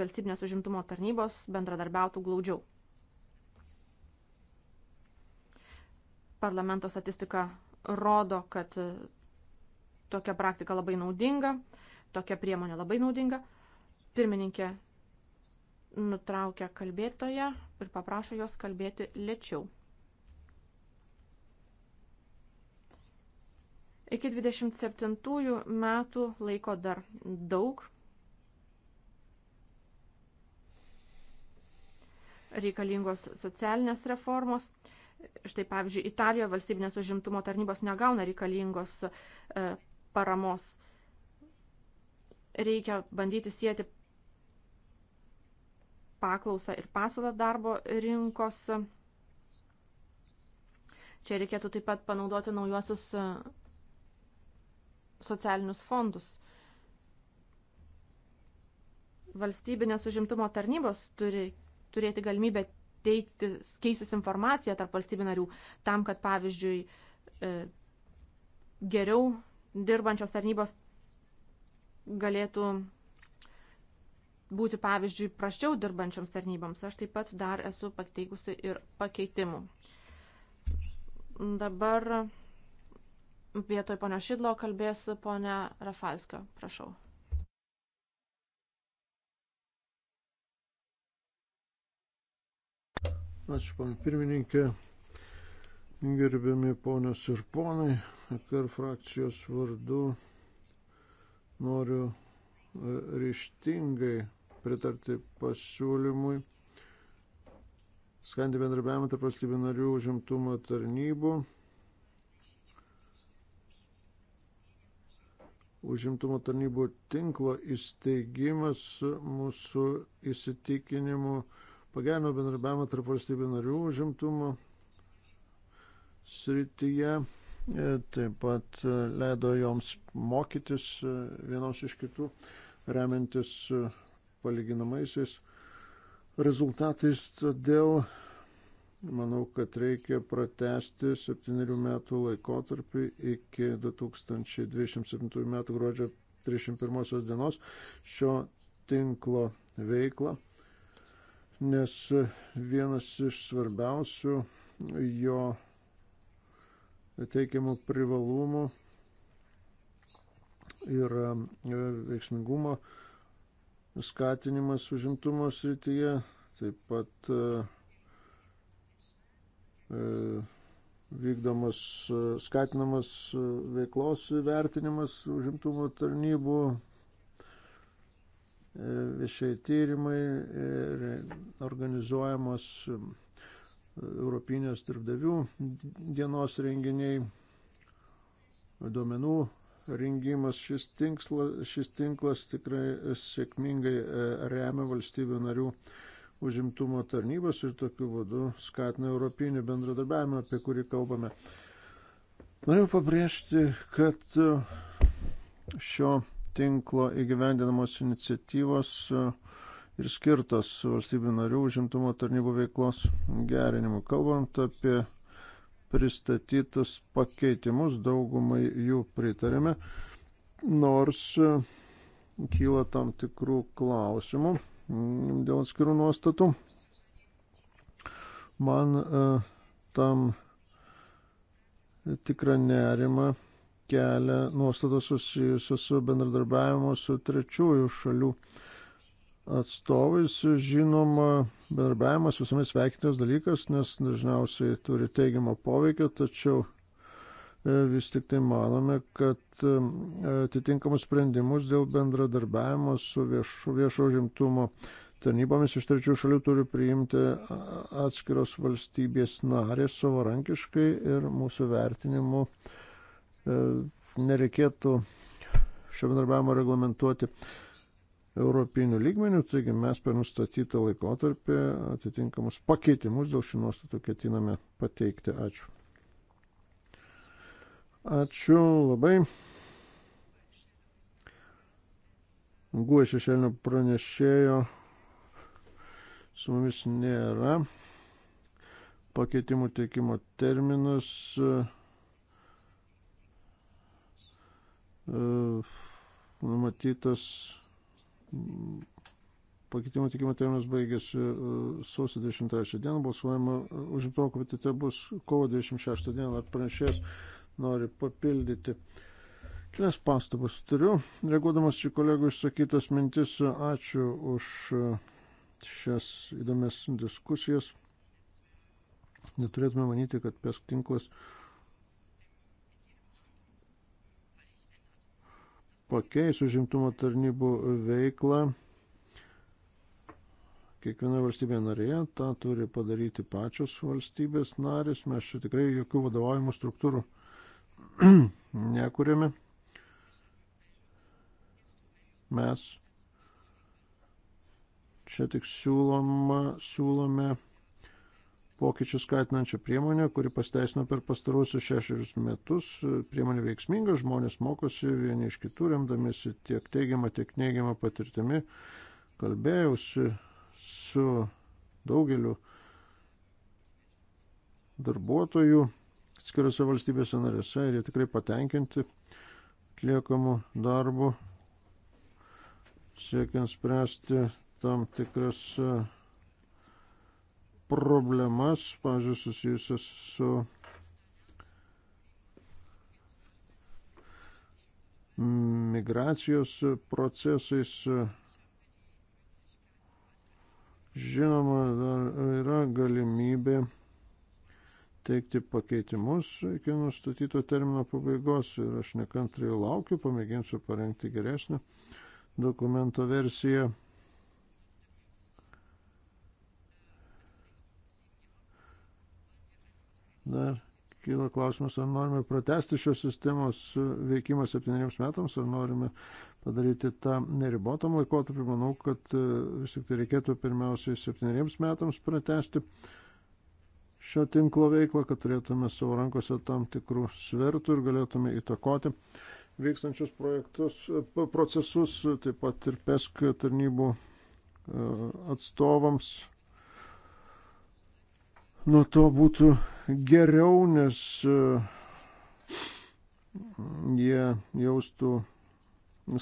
valstybinės užimtumo tarnybos bendradarbiautų glaudžiau. Parlamento statistika rodo, kad e, tokia praktika labai naudinga, tokia priemonė labai naudinga. Pirmininkė nutraukia kalbėtoją ir paprašo jos kalbėti lėčiau. Iki 27 metų laiko dar daug. Reikalingos socialinės reformos. Štai pavyzdžiui, Italijoje valstybinės užimtumo tarnybos negauna reikalingos e, paramos. Reikia bandyti sieti paklausą ir pasiūlą darbo rinkos. Čia reikėtų taip pat panaudoti naujuosius e, socialinius fondus. Valstybinės užimtumo tarnybos turi turėti galimybę teiktis, keistis informaciją tarp valstybių narių, tam, kad pavyzdžiui e, geriau dirbančios tarnybos galėtų būti pavyzdžiui praščiau dirbančioms tarnyboms. Aš taip pat dar esu pateikusi ir pakeitimų. Dabar vietoj ponio Šidlo kalbės ponia Rafalska. Prašau. Ačiū, pan pirmininkė. Gerbiami ponios ir ponai, EKR frakcijos vardu noriu e, ryštingai pritarti pasiūlymui skandi bendrabiavimą tarp valstybių narių užimtumo tarnybų. Užimtumo tarnybų tinklo įsteigimas mūsų įsitikinimu pagerino bendrabiavimą tarp valstybių narių užimtumo srityje, e, taip pat e, leido joms mokytis e, vienoms iš kitų, remiantis palyginamaisiais rezultatais. Todėl manau, kad reikia pratesti septynerių metų laikotarpį iki 2027 metų gruodžio 31 dienos šio tinklo veiklą nes vienas iš svarbiausių jo teikiamų privalumų yra e, veiksmingumo skatinimas užimtumo srityje, taip pat e, e, vykdomas skatinamas veiklos vertinimas užimtumo tarnybų, viešai tyrimai ir organizuojamos um, Europinės darbdavių dienos renginiai, duomenų rengimas. Šis tinklas, šis tinklas tikrai sėkmingai e, remia valstybių narių užimtumo tarnybos ir tokiu būdu skatina europinį bendradarbiavimą, apie kurį kalbame. Noriu pabrėžti, kad e, šio tinklo įgyvendinamos iniciatyvos e, ir skirtos valstybių narių užimtumo tarnybų veiklos gerinimu. Kalbant apie pristatytus pakeitimus, daugumai jų pritarėme, nors e, kyla tam tikrų klausimų dėl atskirų nuostatų. Man e, tam tikrą nerimą kelia nuostatos susijusios su bendradarbiavimu su trečiųjų šalių atstovais. Žinoma, bendradarbiavimas visuomet sveikintas dalykas, nes dažniausiai turi teigiamą poveikio, tačiau e, vis tik tai manome, kad e, atitinkamus sprendimus dėl bendradarbiavimo su viešo, viešo žimtumo tarnybomis iš trečių šalių turi priimti atskiros valstybės narės savarankiškai ir mūsų vertinimu uh, E, nereikėtų šio bendarbiavimo reglamentuoti europinių lygmenių, taigi mes per nustatytą laikotarpį atitinkamus pakeitimus dėl šių nuostatų ketiname pateikti. Ačiū. Ačiū labai. Guo šešėlinio pranešėjo su mumis nėra. Pakeitimų teikimo terminas. Uh, E, numatytas pakeitimo tikimo terminas baigėsi e, sausio 23 dieną, balsuojama e, užimtumo komitete bus kovo 26 dieną, ar pranešės nori papildyti. Kelias pastabas turiu, reaguodamas į kolegų išsakytas mintis, ačiū už šias įdomias diskusijas. Neturėtume manyti, kad pesk tinklas pakeis užimtumo tarnybų veiklą. Kiekviena valstybė narė tą turi padaryti pačios valstybės narės. Mes čia tikrai jokių vadovavimų struktūrų nekūrėme. Mes čia tik siūloma, siūlome pokyčių skatinančią priemonę, kuri pasteisino per pastaruosius šešerius metus. Priemonė veiksminga, žmonės mokosi vieni iš kitų, remdamėsi tiek teigiamą, tiek neigiamą patirtimi. Kalbėjausi su daugeliu darbuotojų skiriuose valstybėse narėse ir jie tikrai patenkinti atliekamų darbų, siekiant spręsti tam tikras uh, problemas, pažiūrėjau, susijusias su migracijos procesais. Žinoma, dar yra galimybė teikti pakeitimus iki nustatyto termino pabaigos ir aš nekantriai laukiu, pamėginsiu parengti geresnę dokumento versiją. Dar kyla klausimas, ar norime pratesti šios sistemos veikimą septyneriems metams, ar norime padaryti tą neribotam laikotarpį. Manau, kad e, vis tik tai reikėtų pirmiausiai septyneriems metams pratesti šio tinklo veiklą, kad turėtume savo rankose tam tikrų svertų ir galėtume įtakoti vykstančius projektus, e, procesus, taip pat ir pesk tarnybų e, atstovams nuo to būtų geriau, nes e, jie jaustų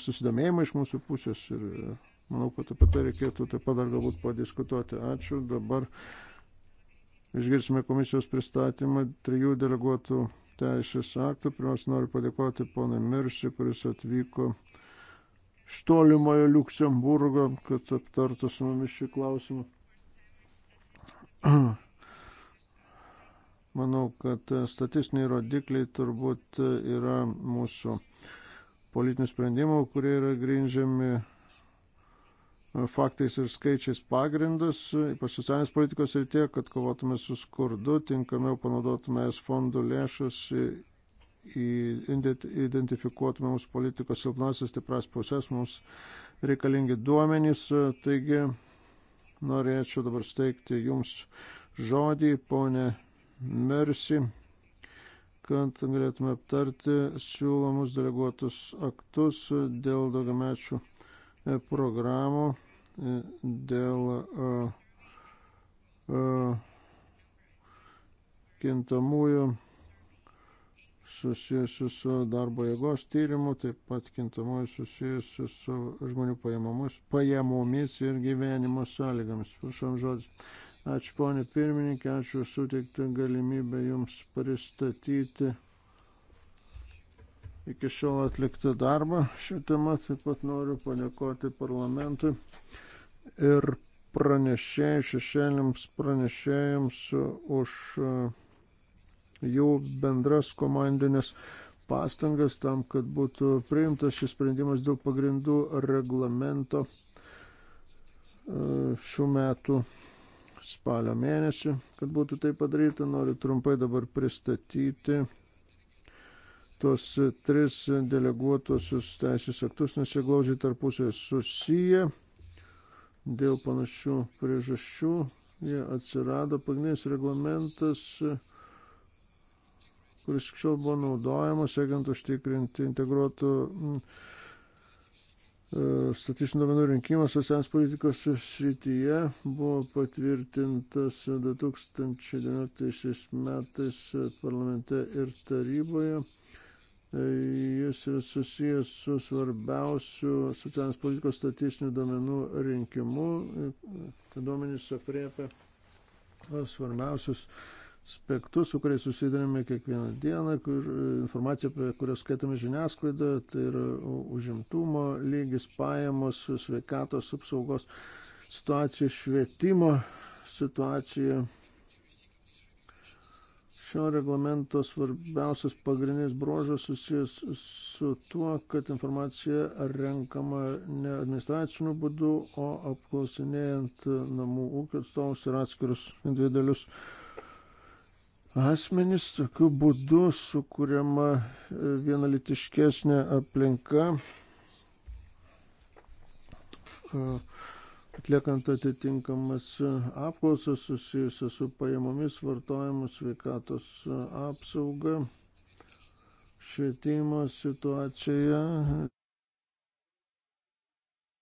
susidomėjimą iš mūsų pusės ir e, manau, kad apie tai reikėtų taip pat dar galbūt padiskutuoti. Ačiū. Dabar išgirsime komisijos pristatymą trijų deleguotų teisės aktų. Pirmiausia, noriu padėkoti ponai Mirsi, kuris atvyko iš tolimojo Luksemburgo, kad aptartų su mumis šį klausimą. Manau, kad e, statistiniai rodikliai turbūt e, yra mūsų politinių sprendimų, kurie yra grindžiami e, faktais ir skaičiais pagrindas, ypač socialinės politikos ir tiek, kad kovotume su skurdu, tinkamiau panaudotume es fondų lėšus, identifikuotume mūsų politikos silpnasias stipras pusės, mums reikalingi duomenys. Taigi norėčiau dabar steigti Jums žodį, ponė Mersi, kad galėtume aptarti siūlomus deleguotus aktus dėl daugiamečių e, programų, e, dėl uh, uh, kintamųjų susijusių su darbo jėgos tyrimu, taip pat kintamųjų susijusių su žmonių pajamomis ir gyvenimo sąlygomis. Prašom žodis. Ačiū ponė pirmininkė, ačiū suteiktą galimybę Jums pristatyti iki šiol atliktą darbą. Šią temą taip pat noriu padėkoti parlamentui ir pranešėjai, šešėliams pranešėjams už e, jų bendras komandinės pastangas tam, kad būtų priimtas šis sprendimas dėl pagrindų reglamento e, šių metų spalio mėnesį, kad būtų tai padaryta. Noriu trumpai dabar pristatyti tuos tris deleguotusius teisės aktus, nes jie glaužiai tarpusai susiję. Dėl panašių priežasčių jie atsirado. Pagrindinis reglamentas, kuris šiol buvo naudojamas, siekiant užtikrinti integruotų mm, Statistinių duomenų rinkimas socialinės politikos srityje buvo patvirtintas 2019 metais parlamente ir taryboje. Jis yra susijęs su svarbiausiu socialinės politikos statistinių duomenų rinkimu. Duomenys apriepia svarbiausius aspektus, su kuriais susidurime kiekvieną dieną, kur e, informacija, apie kurią skaitome žiniasklaidoje, tai yra užimtumo lygis, pajamos, sveikatos apsaugos situacija, švietimo situacija. Šio reglamento svarbiausias pagrindinis brožas susijęs su tuo, kad informacija renkama ne administraciniu būdu, o apklausinėjant namų ūkio atstovus ir atskirus individualius asmenys, tokiu būdu sukūriama e, vienalitiškesnė aplinka, e, atliekant atitinkamas apklausas susijusias su pajamomis, vartojimu, sveikatos apsauga, švietimo situacija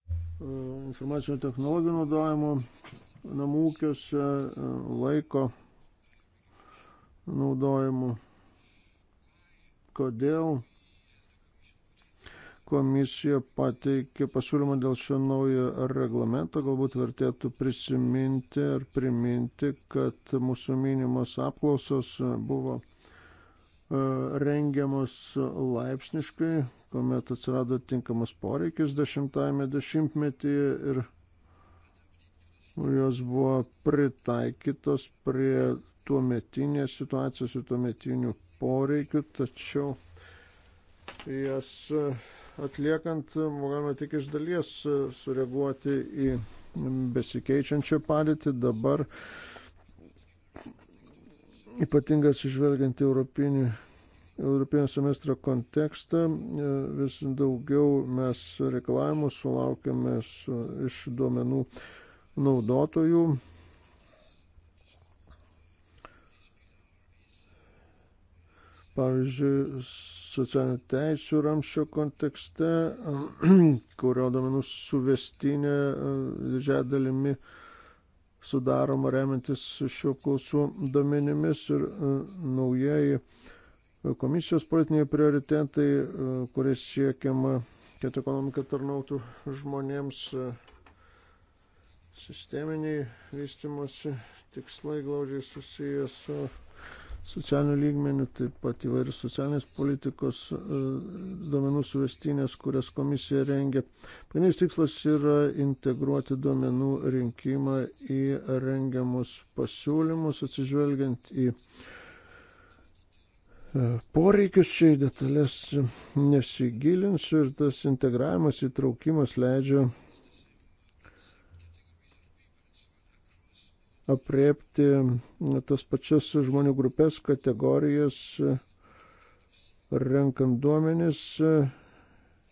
e, informacinių technologijų naudojimo namų ūkiuose laiko naudojimu. Kodėl komisija pateikė pasiūlymą dėl šio naujo reglamento, galbūt vertėtų prisiminti ir priminti, kad mūsų minimos apklausos buvo e, rengiamos laipsniškai, kuomet atsirado tinkamas poreikis dešimtajame dešimtmetyje ir jos buvo pritaikytos prie tuometinės situacijos ir tuometinių poreikių, tačiau jas atliekant galima tik iš dalies sureaguoti į besikeičiančią padėtį dabar, ypatingas išvelgiant europinį. Europinio semestro kontekstą vis daugiau mes reikalavimų sulaukėme su, iš duomenų naudotojų, pavyzdžiui, socialinių teisų ramščio kontekste, kurio domenų suvestinė e, didžiąją dalimi sudaroma remiantis šio klausų domenimis ir e, naujieji komisijos politiniai prioritetai, e, kuriais siekiama, kad ekonomika tarnautų žmonėms sisteminiai vystimosi tikslai glaudžiai susijęs su socialinių lygmenių, taip pat įvairius socialinės politikos e, duomenų suvestinės, kurias komisija rengia. Pagrindinis tikslas yra integruoti duomenų rinkimą į rengiamus pasiūlymus, atsižvelgiant į e, poreikius čia į detalės nesigilinsiu ir tas integravimas, įtraukimas leidžia apriepti tas pačias žmonių grupės kategorijas, renkant duomenis.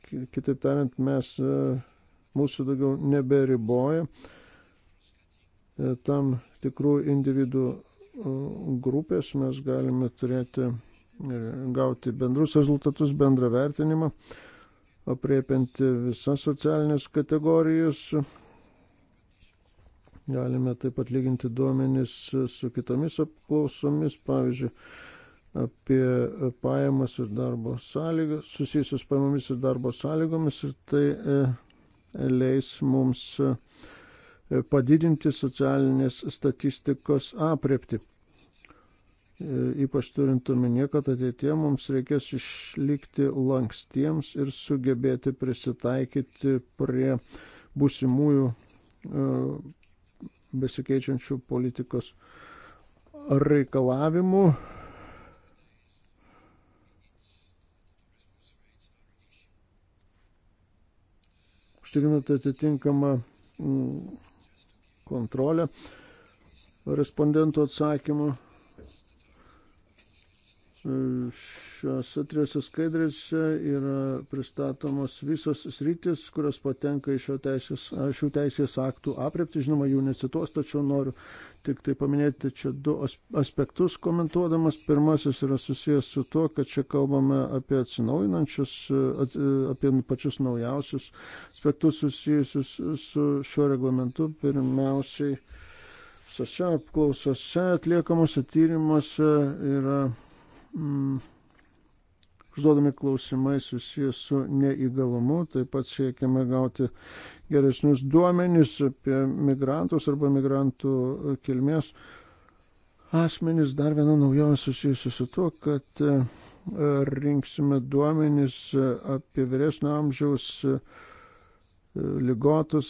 Kitaip tariant, mes mūsų daugiau neberiboja tam tikrų individų grupės, mes galime turėti ir gauti bendrus rezultatus, bendrą vertinimą, apriepianti visas socialinės kategorijas Galime taip pat lyginti duomenys su kitomis apklausomis, pavyzdžiui, apie pajamas ir darbo sąlygas, susijusius pajamomis ir darbo sąlygomis ir tai e, leis mums e, padidinti socialinės statistikos apriepti. E, ypač turint omenyje, kad ateitie mums reikės išlikti lankstiems ir sugebėti prisitaikyti prie būsimųjų besikeičiančių politikos reikalavimų. Užtikrinant atitinkamą mm, kontrolę respondentų atsakymų Šiuose trijose skaidrėse yra pristatomos visos sritis, kurios patenka į teisės, šių teisės aktų aprepti. Žinoma, jų necituos, tačiau noriu tik tai paminėti čia du aspektus komentuodamas. Pirmasis yra susijęs su tuo, kad čia kalbame apie atsinaujinančius, apie pačius naujausius aspektus susijusius su šiuo reglamentu. Pirmiausiai, šiose apklausose atliekamuose tyrimuose yra mm, užduodami klausimai susijęs su neįgalumu, taip pat siekiame gauti geresnius duomenys apie migrantus arba migrantų kilmės asmenys. Dar viena naujovė susijusi su tuo, kad e, rinksime duomenys apie vyresnio amžiaus e, lygotus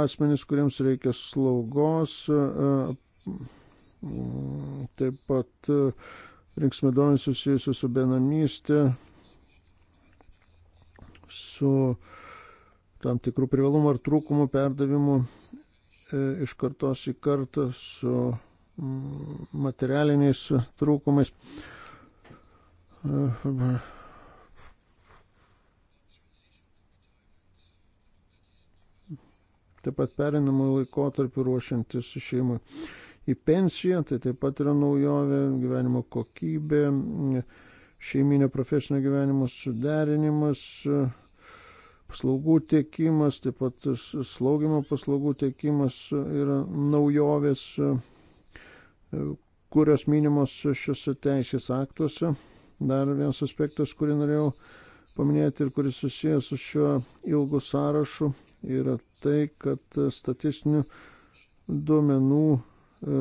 asmenys, kuriems reikia slaugos, e, taip pat rinksime duomenys susijusius su benamystė, su tam tikrų privalumų ar trūkumų perdavimu e, iš kartos į kartą su mm, materialiniais trūkumais. Taip pat perinamų laikotarpių ruošiantis išeimui į pensiją, tai taip pat yra naujovė, gyvenimo kokybė, šeiminio profesinio gyvenimo suderinimas, paslaugų tiekimas, taip pat slaugimo paslaugų tiekimas yra naujovės, kurios minimos šiuose teisės aktuose. Dar vienas aspektas, kurį norėjau paminėti ir kuris susijęs su šiuo ilgu sąrašu, yra tai, kad statistinių duomenų E,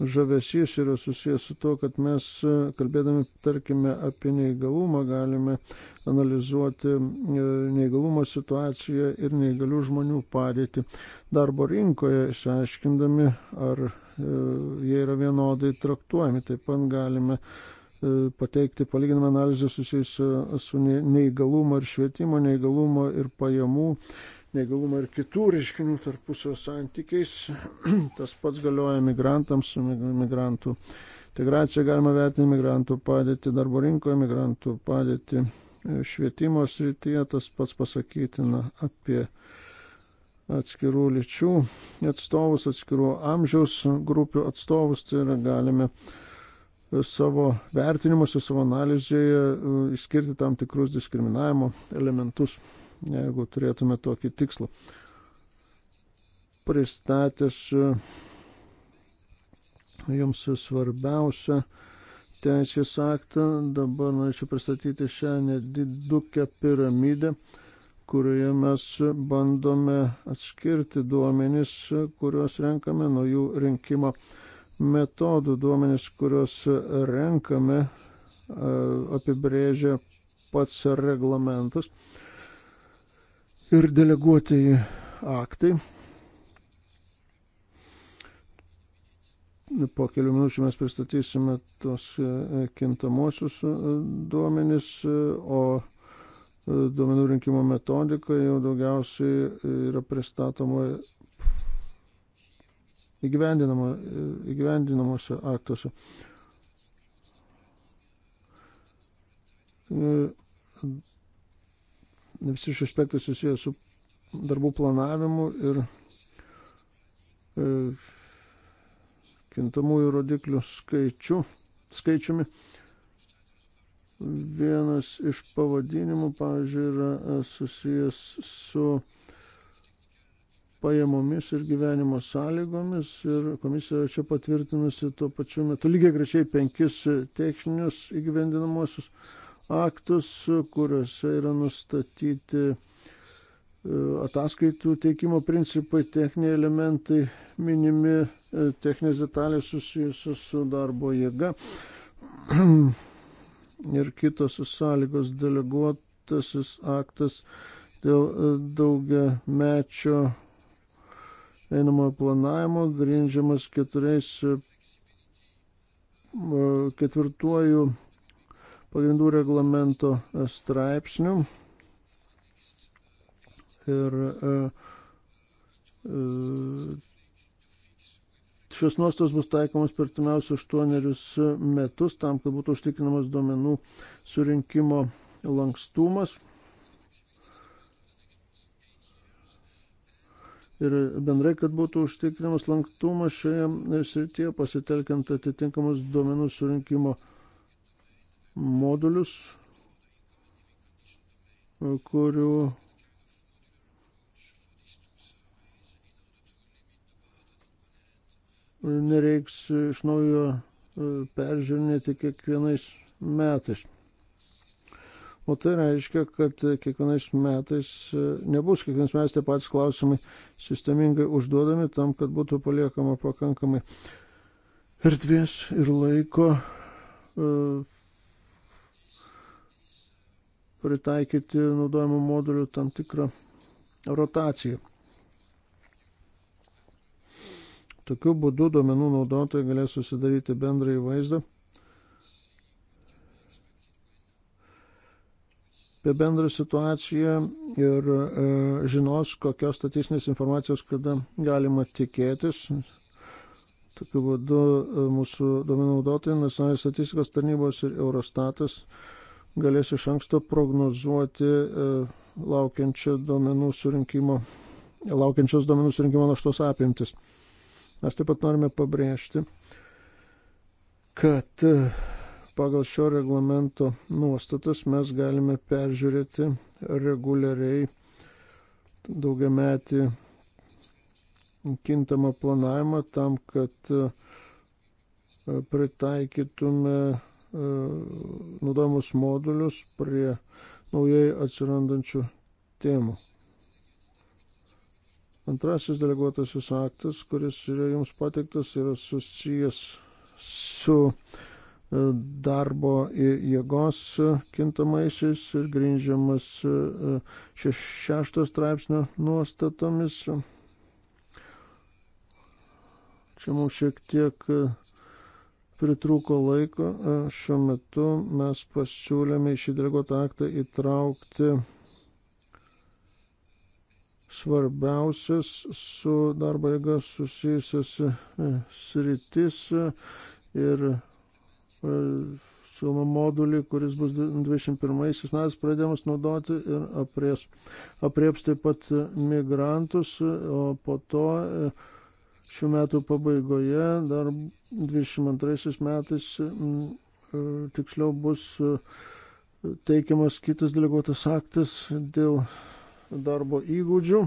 žavesys yra susijęs su to, kad mes, e, kalbėdami, tarkime, apie neįgalumą, galime analizuoti e, neįgalumo situaciją ir neįgalių žmonių padėtį darbo rinkoje, išaiškindami, ar jie yra vienodai traktuojami. Taip pat galime pateikti palyginamą analizę susijusią su neįgalumo ir švietimo, neįgalumo ir pajamų neįgalumą ir kitų reiškinių tarpusio santykiais. Tas pats galioja migrantams, migrantų integraciją galima vertinti, migrantų padėti darbo rinkoje, migrantų padėti e, švietimo srityje, tas pats pasakytina apie atskirų lyčių atstovus, atskirų amžiaus grupių atstovus, tai yra galime e, savo vertinimuose, savo analizėje e, išskirti tam tikrus diskriminavimo elementus jeigu turėtume tokį tikslą. Pristatęs e, jums svarbiausią teisės aktą, dabar norėčiau pristatyti šią nedidukę piramidę, kurioje mes bandome atskirti duomenis, kuriuos renkame nuo jų rinkimo metodų. Duomenis, kuriuos renkame, e, apibrėžia pats reglamentas ir deleguotieji aktai. Po kelių minučių mes pristatysime tos e, e, kintamosius e, duomenys, o duomenų rinkimo metodika jau daugiausiai yra pristatoma įgyvendinamuose aktuose visi šie aspektai susiję su darbų planavimu ir e, kintamųjų rodiklių skaičiu, skaičiumi. Vienas iš pavadinimų, pavyzdžiui, yra e, susijęs su pajamomis ir gyvenimo sąlygomis ir komisija čia patvirtinusi tuo pačiu metu lygiai grečiai penkis e, techninius įgyvendinamosius aktus, kuriuose yra nustatyti e, ataskaitų teikimo principai, techniniai elementai, minimi e, techninės detalės susijusios su darbo jėga ir kitos sąlygos deleguotasis aktas dėl e, daugia mečio einamojo planavimo grindžiamas keturiais ketvirtuoju pagrindų reglamento e, straipsnių. Ir e, e, šios nuostos bus taikomas per timiausius aštuonerius metus tam, kad būtų užtikrinamas duomenų surinkimo lankstumas. Ir bendrai, kad būtų užtikrinamas lankstumas šioje srityje pasitelkiant atitinkamus duomenų surinkimo lankstumus modulius, kurių nereiks iš naujo e, peržiūrinėti kiekvienais metais. O tai reiškia, kad kiekvienais metais e, nebus kiekvienais metais tie patys klausimai sistemingai užduodami tam, kad būtų paliekama pakankamai erdvės ir laiko uh, pritaikyti naudojimo modulių tam tikrą rotaciją. Tokiu būdu duomenų naudotojai galės susidaryti bendrąjį vaizdą apie bendrą situaciją ir e, žinos, kokios statistinės informacijos kada galima tikėtis. Tokiu būdu e, mūsų duomenų naudotojai, nacionalinės statistikos tarnybos ir Eurostatas galės iš anksto prognozuoti e, laukiančią duomenų surinkimo, laukiančios duomenų surinkimo naštos apimtis. Mes taip pat norime pabrėžti, kad e, pagal šio reglamento nuostatas mes galime peržiūrėti reguliariai daugiametį kintamą planavimą tam, kad e, pritaikytume E, naudojamus modulius prie naujai atsirandančių temų. Antrasis deleguotasis aktas, kuris yra jums pateiktas, yra susijęs su e, darbo jėgos kintamaisiais ir grindžiamas e, šešto straipsnio nuostatomis. Čia mums šiek tiek pritruko laiko. E, šiuo metu mes pasiūlėme į šį deleguotą aktą įtraukti svarbiausias su darbo jėga susijusias e, sritis e, ir siūloma modulį, kuris bus 21 metais pradėmas naudoti ir aprieš, aprieps taip pat migrantus, o po to šių metų pabaigoje dar 22 metais mm, e, tiksliau bus e, teikiamas kitas deleguotas aktas dėl darbo įgūdžių.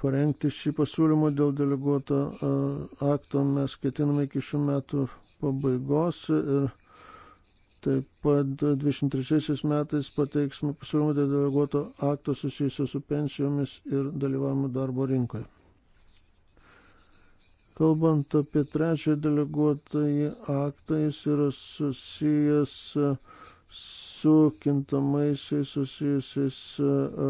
Parengti šį pasiūlymą dėl deleguoto e, akto mes ketiname iki šių metų pabaigos ir Taip pat 23 metais pateiksime pasiūlymą dėl deleguoto akto susijusio su pensijomis ir dalyvavimu darbo rinkoje. Kalbant apie trečią deleguotąjį aktą, jis yra susijęs su kintamaisiais, susijusiais e,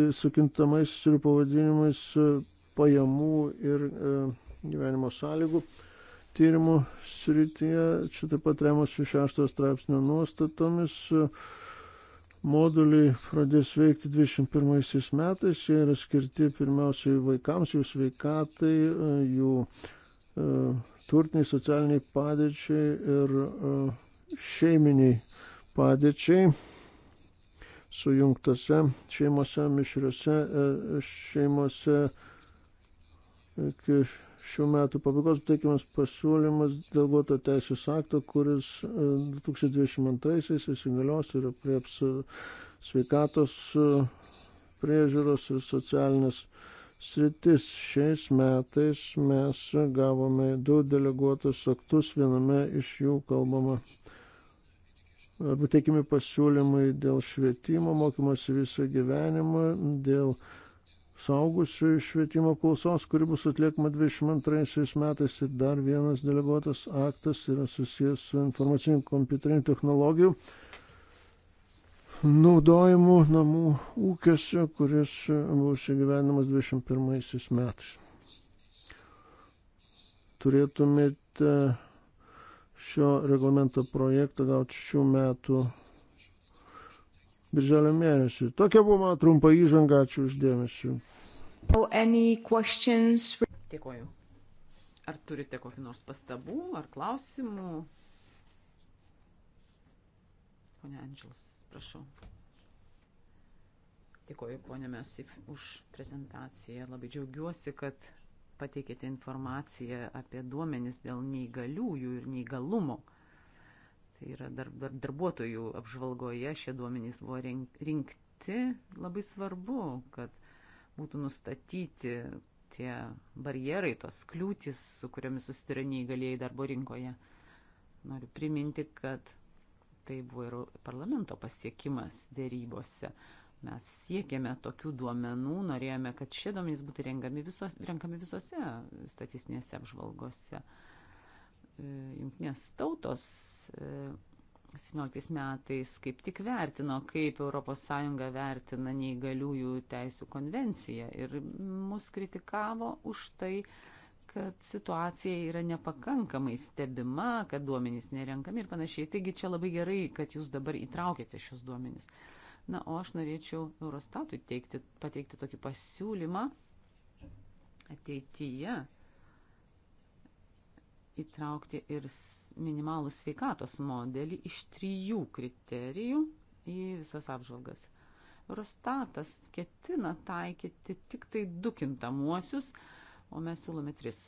e, su kintamaisiais ir pavadinimais e, pajamų ir gyvenimo sąlygų tyrimų srityje. Čia taip pat remosi šešto straipsnio nuostatomis. E, moduliai pradės veikti 21 metais. Jie yra skirti pirmiausiai vaikams, jų sveikatai, jų e, turtiniai, socialiniai padėčiai ir e, šeiminiai padėčiai sujungtose šeimose, mišriose e, šeimose iki šių metų pabaigos teikiamas pasiūlymas dėl voto teisės akto, kuris 2022-aisiais e, įsigalios ir aprieps e, sveikatos e, priežiūros ir socialinės sritis. Šiais metais mes gavome du deleguotus aktus, viename iš jų kalbama arba teikimi pasiūlymai dėl švietimo, mokymosi visą gyvenimą, dėl suaugusiųjų švietimo klausos, kuri bus atliekama 22 metais ir dar vienas deleguotas aktas yra susijęs su informacinių kompiuterinių technologijų naudojimu namų ūkiuose, kuris bus įgyvenimas 21 metais. Turėtumėte šio reglamento projektą gauti šių metų birželio mėnesį. Tokia buvo mano trumpa įžanga, ačiū uždėmesi. Oh, Dėkuoju. Ar turite kokį nors pastabų ar klausimų? Pone Andžels, prašau. Dėkuoju, ponė Mesif, už prezentaciją. Labai džiaugiuosi, kad pateikėte informaciją apie duomenis dėl neįgaliųjų ir neįgalumo. Tai yra dar, dar, darbuotojų apžvalgoje šie duomenys buvo rinkti. Labai svarbu, kad būtų nustatyti tie barjerai, tos kliūtis, su kuriomis susituria neįgalėjai darbo rinkoje. Noriu priminti, kad tai buvo ir parlamento pasiekimas dėrybose. Mes siekėme tokių duomenų, norėjome, kad šie duomenys būtų renkami, visos, renkami visose statistinėse apžvalgose. Uh, E, jungtinės tautos 17 e, metais kaip tik vertino, kaip ES vertina neįgaliųjų teisų konvenciją ir mus kritikavo už tai, kad situacija yra nepakankamai stebima, kad duomenys nerenkami ir panašiai. Taigi čia labai gerai, kad jūs dabar įtraukėte šios duomenys. Na, o aš norėčiau Eurostatui teikti, pateikti tokį pasiūlymą ateityje įtraukti ir minimalų sveikatos modelį iš trijų kriterijų į visas apžvalgas. Rostatas ketina taikyti tik tai du kintamuosius, o mes siūlome tris.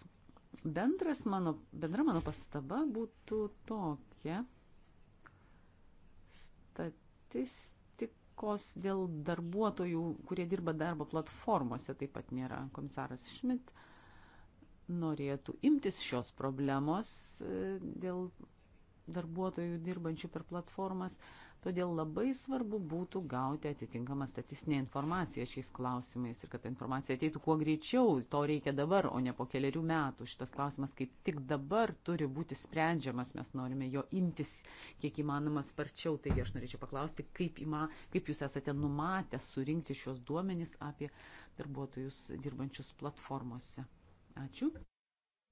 Bendras mano, bendra mano pastaba būtų tokia. Statistikos dėl darbuotojų, kurie dirba darbo platformose, taip pat nėra. Komisaras Šmit uh, norėtų imtis šios problemos e, dėl darbuotojų dirbančių per platformas, todėl labai svarbu būtų gauti atitinkamą statistinę informaciją šiais klausimais ir kad ta informacija ateitų kuo greičiau, to reikia dabar, o ne po keliarių metų. Šitas klausimas kaip tik dabar turi būti sprendžiamas, mes norime jo imtis kiek įmanoma sparčiau, taigi aš norėčiau paklausti, kaip, ima, kaip jūs esate numatę surinkti šios duomenys apie darbuotojus dirbančius platformose. Ačiū.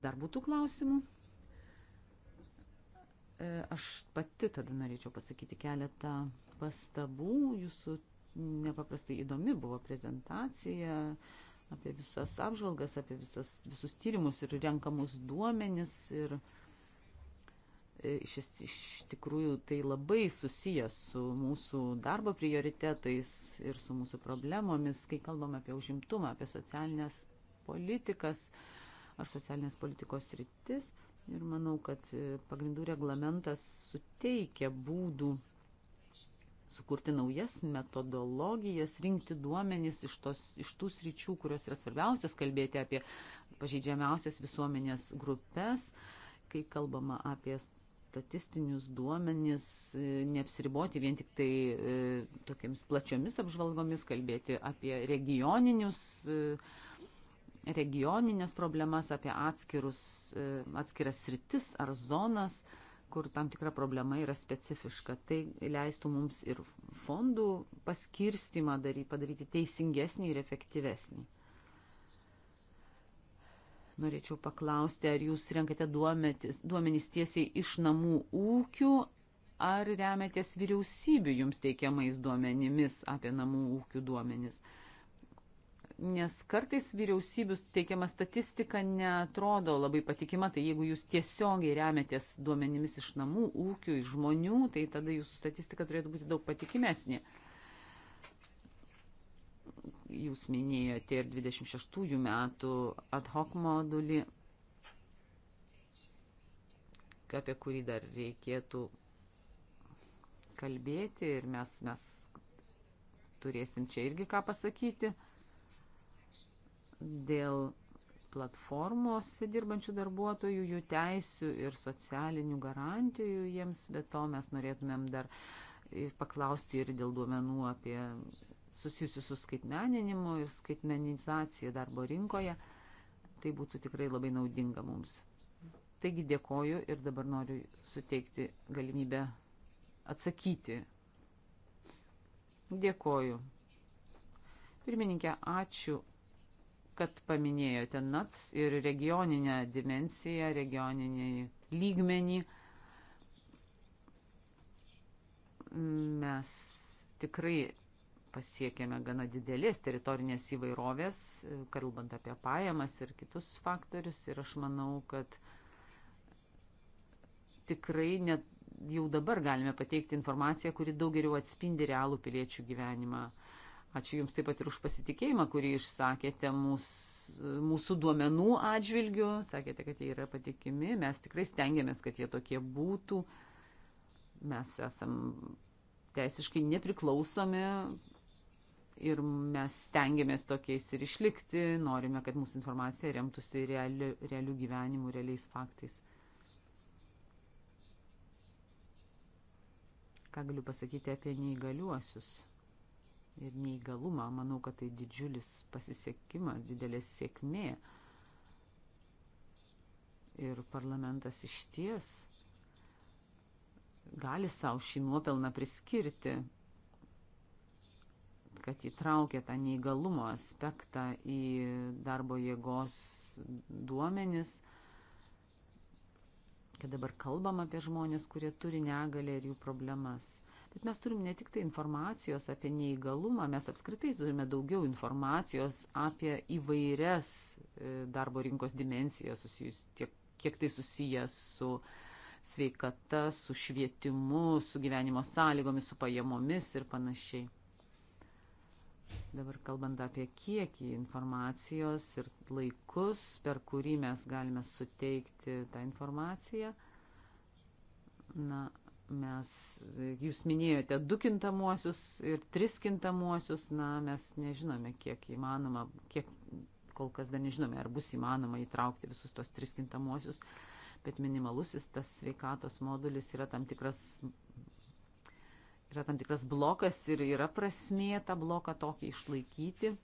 Dar būtų klausimų? E, aš pati tada norėčiau pasakyti keletą pastabų. Jūsų nepaprastai įdomi buvo prezentacija apie visas apžvalgas, apie visas, visus tyrimus ir renkamus duomenis. Ir e, šis iš tikrųjų tai labai susijęs su mūsų darbo prioritetais ir su mūsų problemomis, kai kalbam apie užimtumą, apie socialinės politikas ar socialinės politikos rytis. Ir manau, kad e, pagrindų reglamentas suteikia būdų sukurti naujas metodologijas, rinkti duomenys iš, tos, iš tų sričių, kurios yra svarbiausios, kalbėti apie pažydžiamiausias visuomenės grupės, kai kalbama apie statistinius duomenis, e, neapsiriboti vien tik tai e, tokiamis plačiomis apžvalgomis, kalbėti apie regioninius. E, regioninės problemas, apie atskirus, e, atskiras sritis ar zonas, kur tam tikra problema yra specifiška. Tai leistų mums ir fondų paskirstimą daryti, padaryti teisingesnį ir efektyvesnį. Norėčiau paklausti, ar jūs renkate duometis, duomenys tiesiai iš namų ūkių, ar remiatės vyriausybių jums teikiamais duomenimis apie namų ūkių duomenis. Uh, nes kartais vyriausybių teikiama statistika netrodo labai patikima, tai jeigu jūs tiesiogiai remiatės duomenimis iš namų, ūkių, iš žmonių, tai tada jūsų statistika turėtų būti daug patikimesnė. Jūs minėjote ir 26 metų ad hoc modulį, apie kurį dar reikėtų kalbėti ir mes, mes turėsim čia irgi ką pasakyti dėl platformos dirbančių darbuotojų, jų teisių ir socialinių garantijų jiems, bet to mes norėtumėm dar e, paklausti ir dėl duomenų apie susijusius su skaitmeninimu ir skaitmenizacija darbo rinkoje. Tai būtų tikrai labai naudinga mums. Taigi dėkoju ir dabar noriu suteikti galimybę atsakyti. Dėkoju. Pirmininkė, ačiū kad paminėjote NATS ir regioninę dimensiją, regioninį lygmenį. Mes tikrai pasiekėme gana didelės teritorinės įvairovės, kalbant apie pajamas ir kitus faktorius. Ir aš manau, kad tikrai net jau dabar galime pateikti informaciją, kuri daug geriau atspindi realų piliečių gyvenimą. Uh, Ačiū Jums taip pat ir už pasitikėjimą, kurį išsakėte mūsų, mūsų duomenų atžvilgių. Sakėte, kad jie yra patikimi. Mes tikrai stengiamės, kad jie tokie būtų. Mes esam teisiškai nepriklausomi ir mes stengiamės tokiais ir išlikti. Norime, kad mūsų informacija remtųsi realiu, realiu gyvenimu, realiais faktais. Ką galiu pasakyti apie neįgaliuosius? ir neįgalumą. Manau, kad tai didžiulis pasisekimas, didelės sėkmė. Ir parlamentas iš ties gali savo šį nuopelną priskirti, kad įtraukė tą neįgalumo aspektą į darbo jėgos duomenis kad dabar kalbam apie žmonės, kurie turi negalę ir jų problemas. Bet mes turim ne tik tai informacijos apie neįgalumą, mes apskritai turime daugiau informacijos apie įvairias e, darbo rinkos dimensijas, susijus, tiek, kiek tai susijęs su sveikata, su švietimu, su gyvenimo sąlygomis, su pajamomis ir panašiai. Dabar kalbant apie kiekį informacijos ir laikus, per kurį mes galime suteikti tą informaciją, na, mes, jūs minėjote du kintamuosius ir tris kintamuosius, na, mes nežinome, kiek įmanoma, kiek kol kas dar nežinome, ar bus įmanoma įtraukti visus tos tris kintamuosius, bet minimalusis tas sveikatos modulis yra tam tikras. Yra tam tikras blokas ir yra prasmė tą bloką tokį išlaikyti.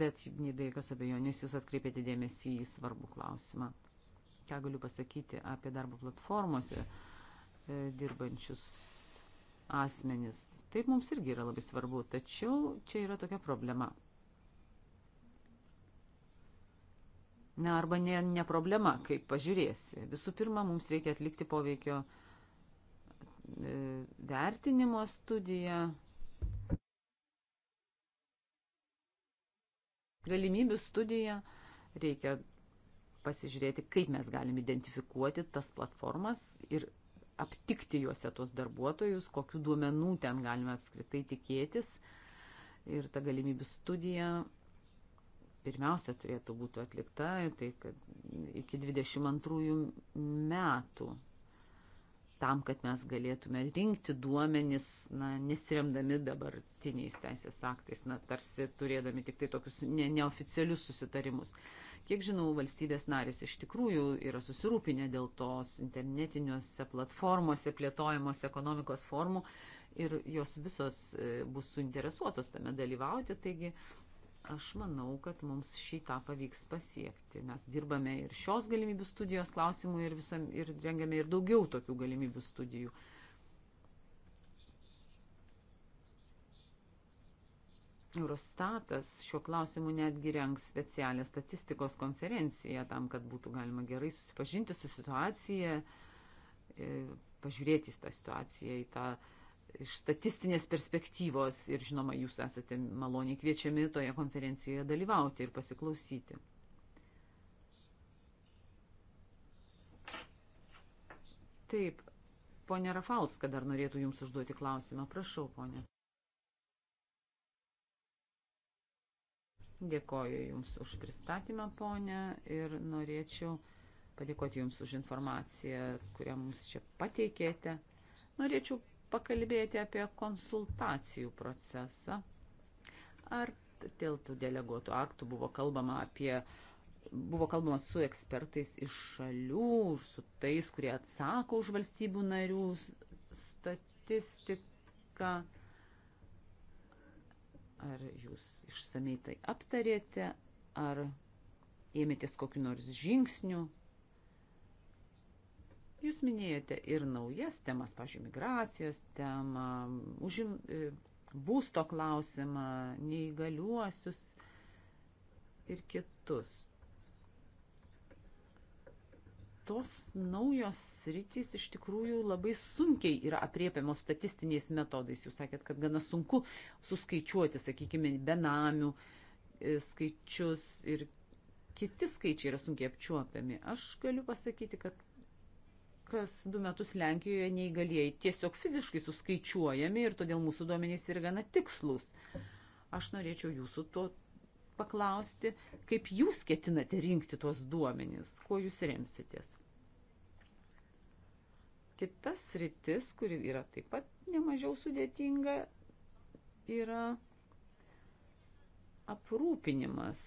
Bet be jokios abejonės jūs atkreipėte dėmesį į svarbų klausimą ką galiu pasakyti apie darbo platformose dirbančius asmenis. Taip mums irgi yra labai svarbu, tačiau čia yra tokia problema. Na, arba ne, ne problema, kaip pažiūrėsi. Visų pirma, mums reikia atlikti poveikio e, vertinimo studiją, galimybių studiją, reikia pasižiūrėti, kaip mes galim identifikuoti tas platformas ir aptikti juose tos darbuotojus, kokiu duomenų ten galime apskritai tikėtis. Ir ta galimybių studija pirmiausia turėtų būti atlikta, tai kad iki 22 metų tam, kad mes galėtume rinkti duomenis, na, nesiremdami dabartiniais teisės aktais, na, tarsi turėdami tik tai tokius ne, neoficialius susitarimus. Kiek žinau, valstybės narės iš tikrųjų yra susirūpinę dėl tos internetiniuose platformose plėtojamos ekonomikos formų ir jos visos e, bus suinteresuotos tame dalyvauti, taigi Aš manau, kad mums šitą pavyks pasiekti. Mes dirbame ir šios galimybių studijos klausimų ir, visam, ir rengiame ir daugiau tokių galimybių studijų. Eurostatas šiuo klausimu netgi rengs specialią statistikos konferenciją tam, kad būtų galima gerai susipažinti su situacija, e, pažiūrėti į tą situaciją, į tą situaciją iš statistinės perspektyvos ir žinoma, jūs esate maloniai kviečiami toje konferencijoje dalyvauti ir pasiklausyti. Taip, ponė Rafalska dar norėtų jums užduoti klausimą. Prašau, ponė. Dėkoju Jums už pristatymą, ponė, ir norėčiau padėkoti Jums už informaciją, kurią mums čia pateikėte. Norėčiau pakalbėti apie konsultacijų procesą. Ar dėl tų deleguotų aktų buvo kalbama apie buvo kalbama su ekspertais iš šalių, su tais, kurie atsako už valstybių narių statistiką. Ar jūs išsamei tai aptarėte, ar ėmėtės kokiu nors žingsniu Jūs minėjote ir naujas temas, pažiūrėjau, migracijos temą, užim, e, būsto klausimą, neįgaliuosius ir kitus. Tos naujos rytis iš tikrųjų labai sunkiai yra apriepiamos statistiniais metodais. Jūs sakėt, kad gana sunku suskaičiuoti, sakykime, benamių e, skaičius ir kiti skaičiai yra sunkiai apčiuopiami. Aš galiu pasakyti, kad kas du metus Lenkijoje neįgalieji tiesiog fiziškai suskaičiuojami ir todėl mūsų duomenys yra gana tikslus. Aš norėčiau jūsų to paklausti, kaip jūs ketinate rinkti tuos duomenys, kuo jūs remsitės. Kitas rytis, kuri yra taip pat nemažiau sudėtinga, yra aprūpinimas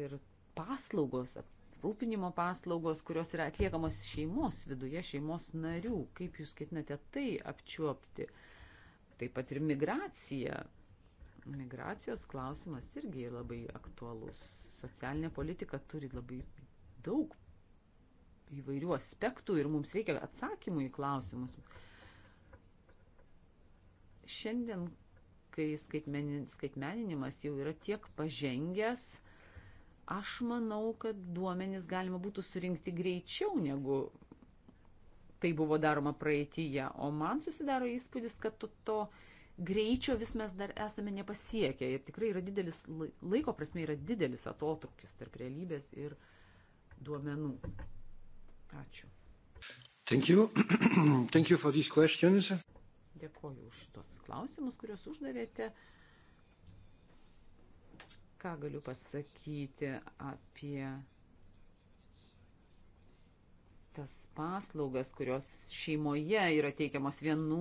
ir paslaugos, aprūpinimo paslaugos, kurios yra atliekamos šeimos viduje, šeimos narių. Kaip jūs ketinate tai apčiuopti? Taip pat ir migracija. Migracijos klausimas irgi labai aktualus. Socialinė politika turi labai daug įvairių aspektų ir mums reikia atsakymų į klausimus. Šiandien, kai skaitmeninimas jau yra tiek pažengęs, Aš manau, kad duomenys galima būtų surinkti greičiau negu tai buvo daroma praeitįje. O man susidaro įspūdis, kad to, to greičio vis mes dar esame nepasiekę. Ir tikrai yra didelis, laiko prasme yra didelis atotrukis tarp realybės ir duomenų. Ačiū. Thank you. Thank you for these questions. Dėkoju už šitos klausimus, kuriuos uždavėte. Ką galiu pasakyti apie tas paslaugas, kurios šeimoje yra teikiamos vienų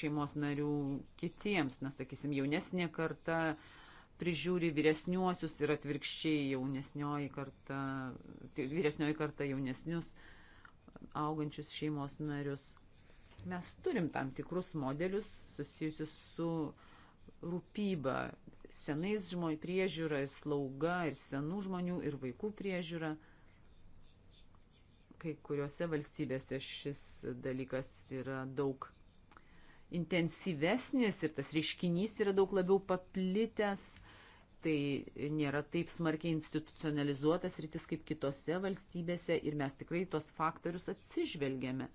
šeimos narių kitiems, nes, sakysim, jaunesnė karta prižiūri vyresniuosius ir atvirkščiai jaunesnioji karta, tai vyresnioji karta jaunesnius augančius šeimos narius. Mes turim tam tikrus modelius susijusius su rūpyba senais žmonių priežiūra ir slauga ir senų žmonių ir vaikų priežiūra. Kai kuriuose valstybėse šis dalykas yra daug intensyvesnis ir tas reiškinys yra daug labiau paplitęs, tai nėra taip smarkiai institucionalizuotas rytis kaip kitose valstybėse ir mes tikrai tuos faktorius atsižvelgiame.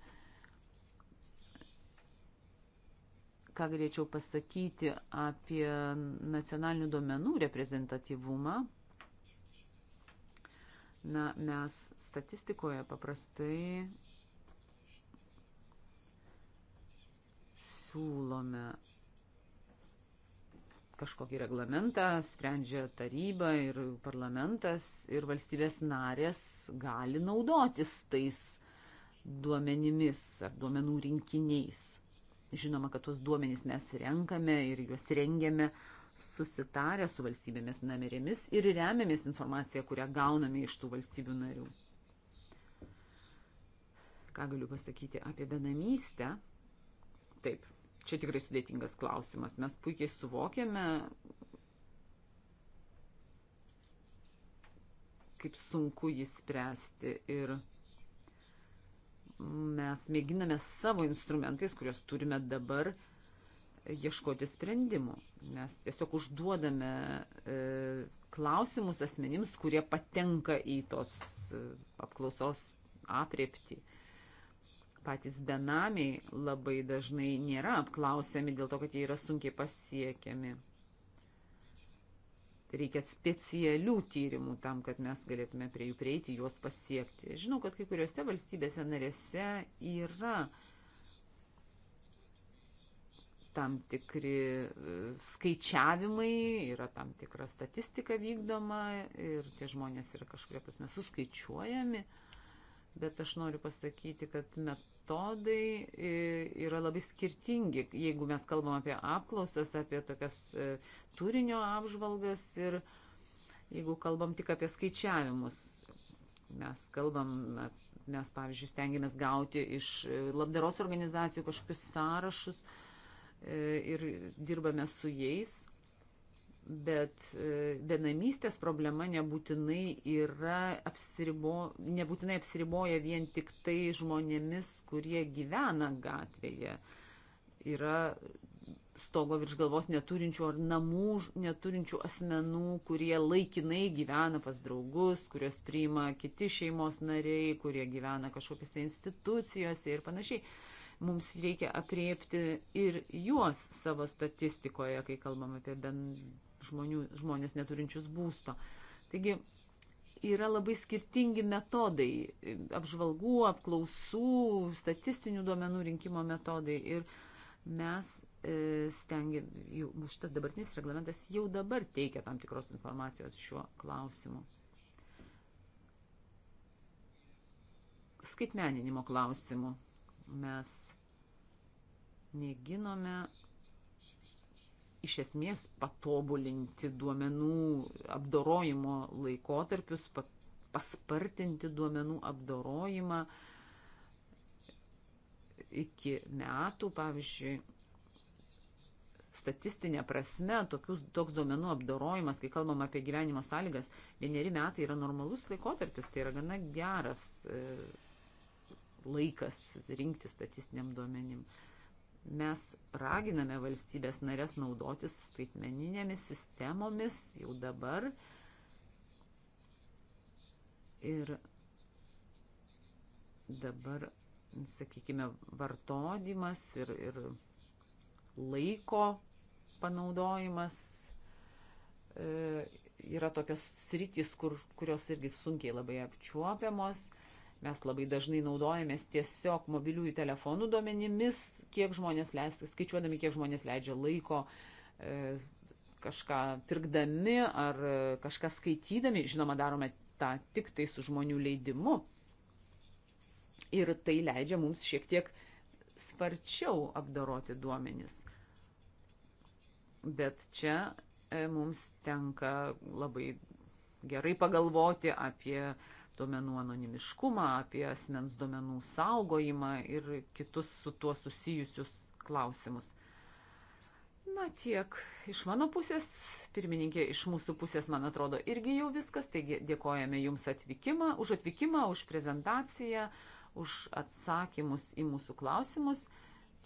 ką galėčiau pasakyti apie nacionalinių duomenų reprezentatyvumą. Na, mes statistikoje paprastai siūlome kažkokį reglamentą, sprendžia taryba ir parlamentas ir valstybės narės gali naudotis tais duomenimis ar duomenų rinkiniais. Žinoma, kad tuos duomenys mes renkame ir juos rengiame susitarę su valstybėmis namerėmis ir remiamės informaciją, kurią gauname iš tų valstybių narių. Ką galiu pasakyti apie benamystę? Taip, čia tikrai sudėtingas klausimas. Mes puikiai suvokiame, kaip sunku jį spręsti ir mes mėginame savo instrumentais, kuriuos turime dabar, ieškoti sprendimų. Mes tiesiog užduodame e, klausimus asmenims, kurie patenka į tos e, apklausos apriepti. Patys benamiai labai dažnai nėra apklausiami dėl to, kad jie yra sunkiai pasiekiami reikia specialių tyrimų tam, kad mes galėtume prie jų prieiti, juos pasiekti. Žinau, kad kai kuriuose valstybėse narėse yra tam tikri e, skaičiavimai, yra tam tikra statistika vykdoma ir tie žmonės yra kažkuria prasme suskaičiuojami. Uh, bet aš noriu pasakyti, kad metodai e, yra labai skirtingi, jeigu mes kalbam apie apklausas, apie tokias e, turinio apžvalgas ir jeigu kalbam tik apie skaičiavimus. Mes kalbam, mes pavyzdžiui stengiamės gauti iš e, labdaros organizacijų kažkokius sąrašus ir dirbame su jais, bet e, benamystės problema nebūtinai, yra, apsiribo, nebūtinai apsiriboja vien tik tai žmonėmis, kurie gyvena gatvėje. Yra stogo virš galvos neturinčių ar namų neturinčių asmenų, kurie laikinai gyvena pas draugus, kurios priima kiti šeimos nariai, kurie gyvena kažkokiose institucijose ir panašiai mums reikia apriepti ir juos savo statistikoje, kai kalbam apie ben, žmonių, žmonės neturinčius būsto. Taigi yra labai skirtingi metodai - apžvalgų, apklausų, statistinių duomenų rinkimo metodai. Ir mes e, stengiam, šitas dabartinis reglamentas jau dabar teikia tam tikros informacijos šiuo klausimu. Skaitmeninimo klausimu mes mėginome iš esmės patobulinti duomenų apdorojimo laikotarpius, paspartinti duomenų apdorojimą iki metų, pavyzdžiui, statistinė prasme tokius, toks duomenų apdorojimas, kai kalbam apie gyvenimo sąlygas, vieneri metai yra normalus laikotarpis, tai yra gana geras e, laikas rinkti statistiniam duomenim. Uh, Mes raginame valstybės narės naudotis skaitmeninėmis sistemomis jau dabar. Ir dabar, sakykime, vartodimas ir, ir laiko panaudojimas e, yra tokios sritys, kur, kurios irgi sunkiai labai apčiuopiamos. E, Mes labai dažnai naudojamės tiesiog mobiliųjų telefonų duomenimis, kiek žmonės leis, skaičiuodami, kiek žmonės leidžia laiko e, kažką pirkdami ar e, kažką skaitydami. Žinoma, darome tą tik tai su žmonių leidimu. Ir tai leidžia mums šiek tiek sparčiau apdaroti duomenis. Bet čia e, mums tenka labai gerai pagalvoti apie duomenų anonimiškumą, apie asmens duomenų saugojimą ir kitus su tuo susijusius klausimus. Na tiek iš mano pusės, pirmininkė, iš mūsų pusės, man atrodo, irgi jau viskas. Taigi dėkojame Jums atvykimą, už atvykimą, už prezentaciją, už atsakymus į mūsų klausimus.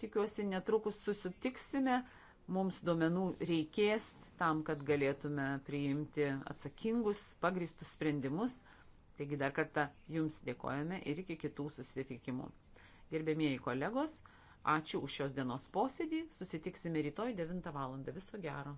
Tikiuosi, netrukus susitiksime. Mums duomenų reikės tam, kad galėtume priimti atsakingus, pagristus sprendimus. Taigi dar kartą Jums dėkojame ir iki kitų susitikimų. Gerbėmieji kolegos, ačiū už šios dienos posėdį, susitiksime rytoj 9 val. Viso gero.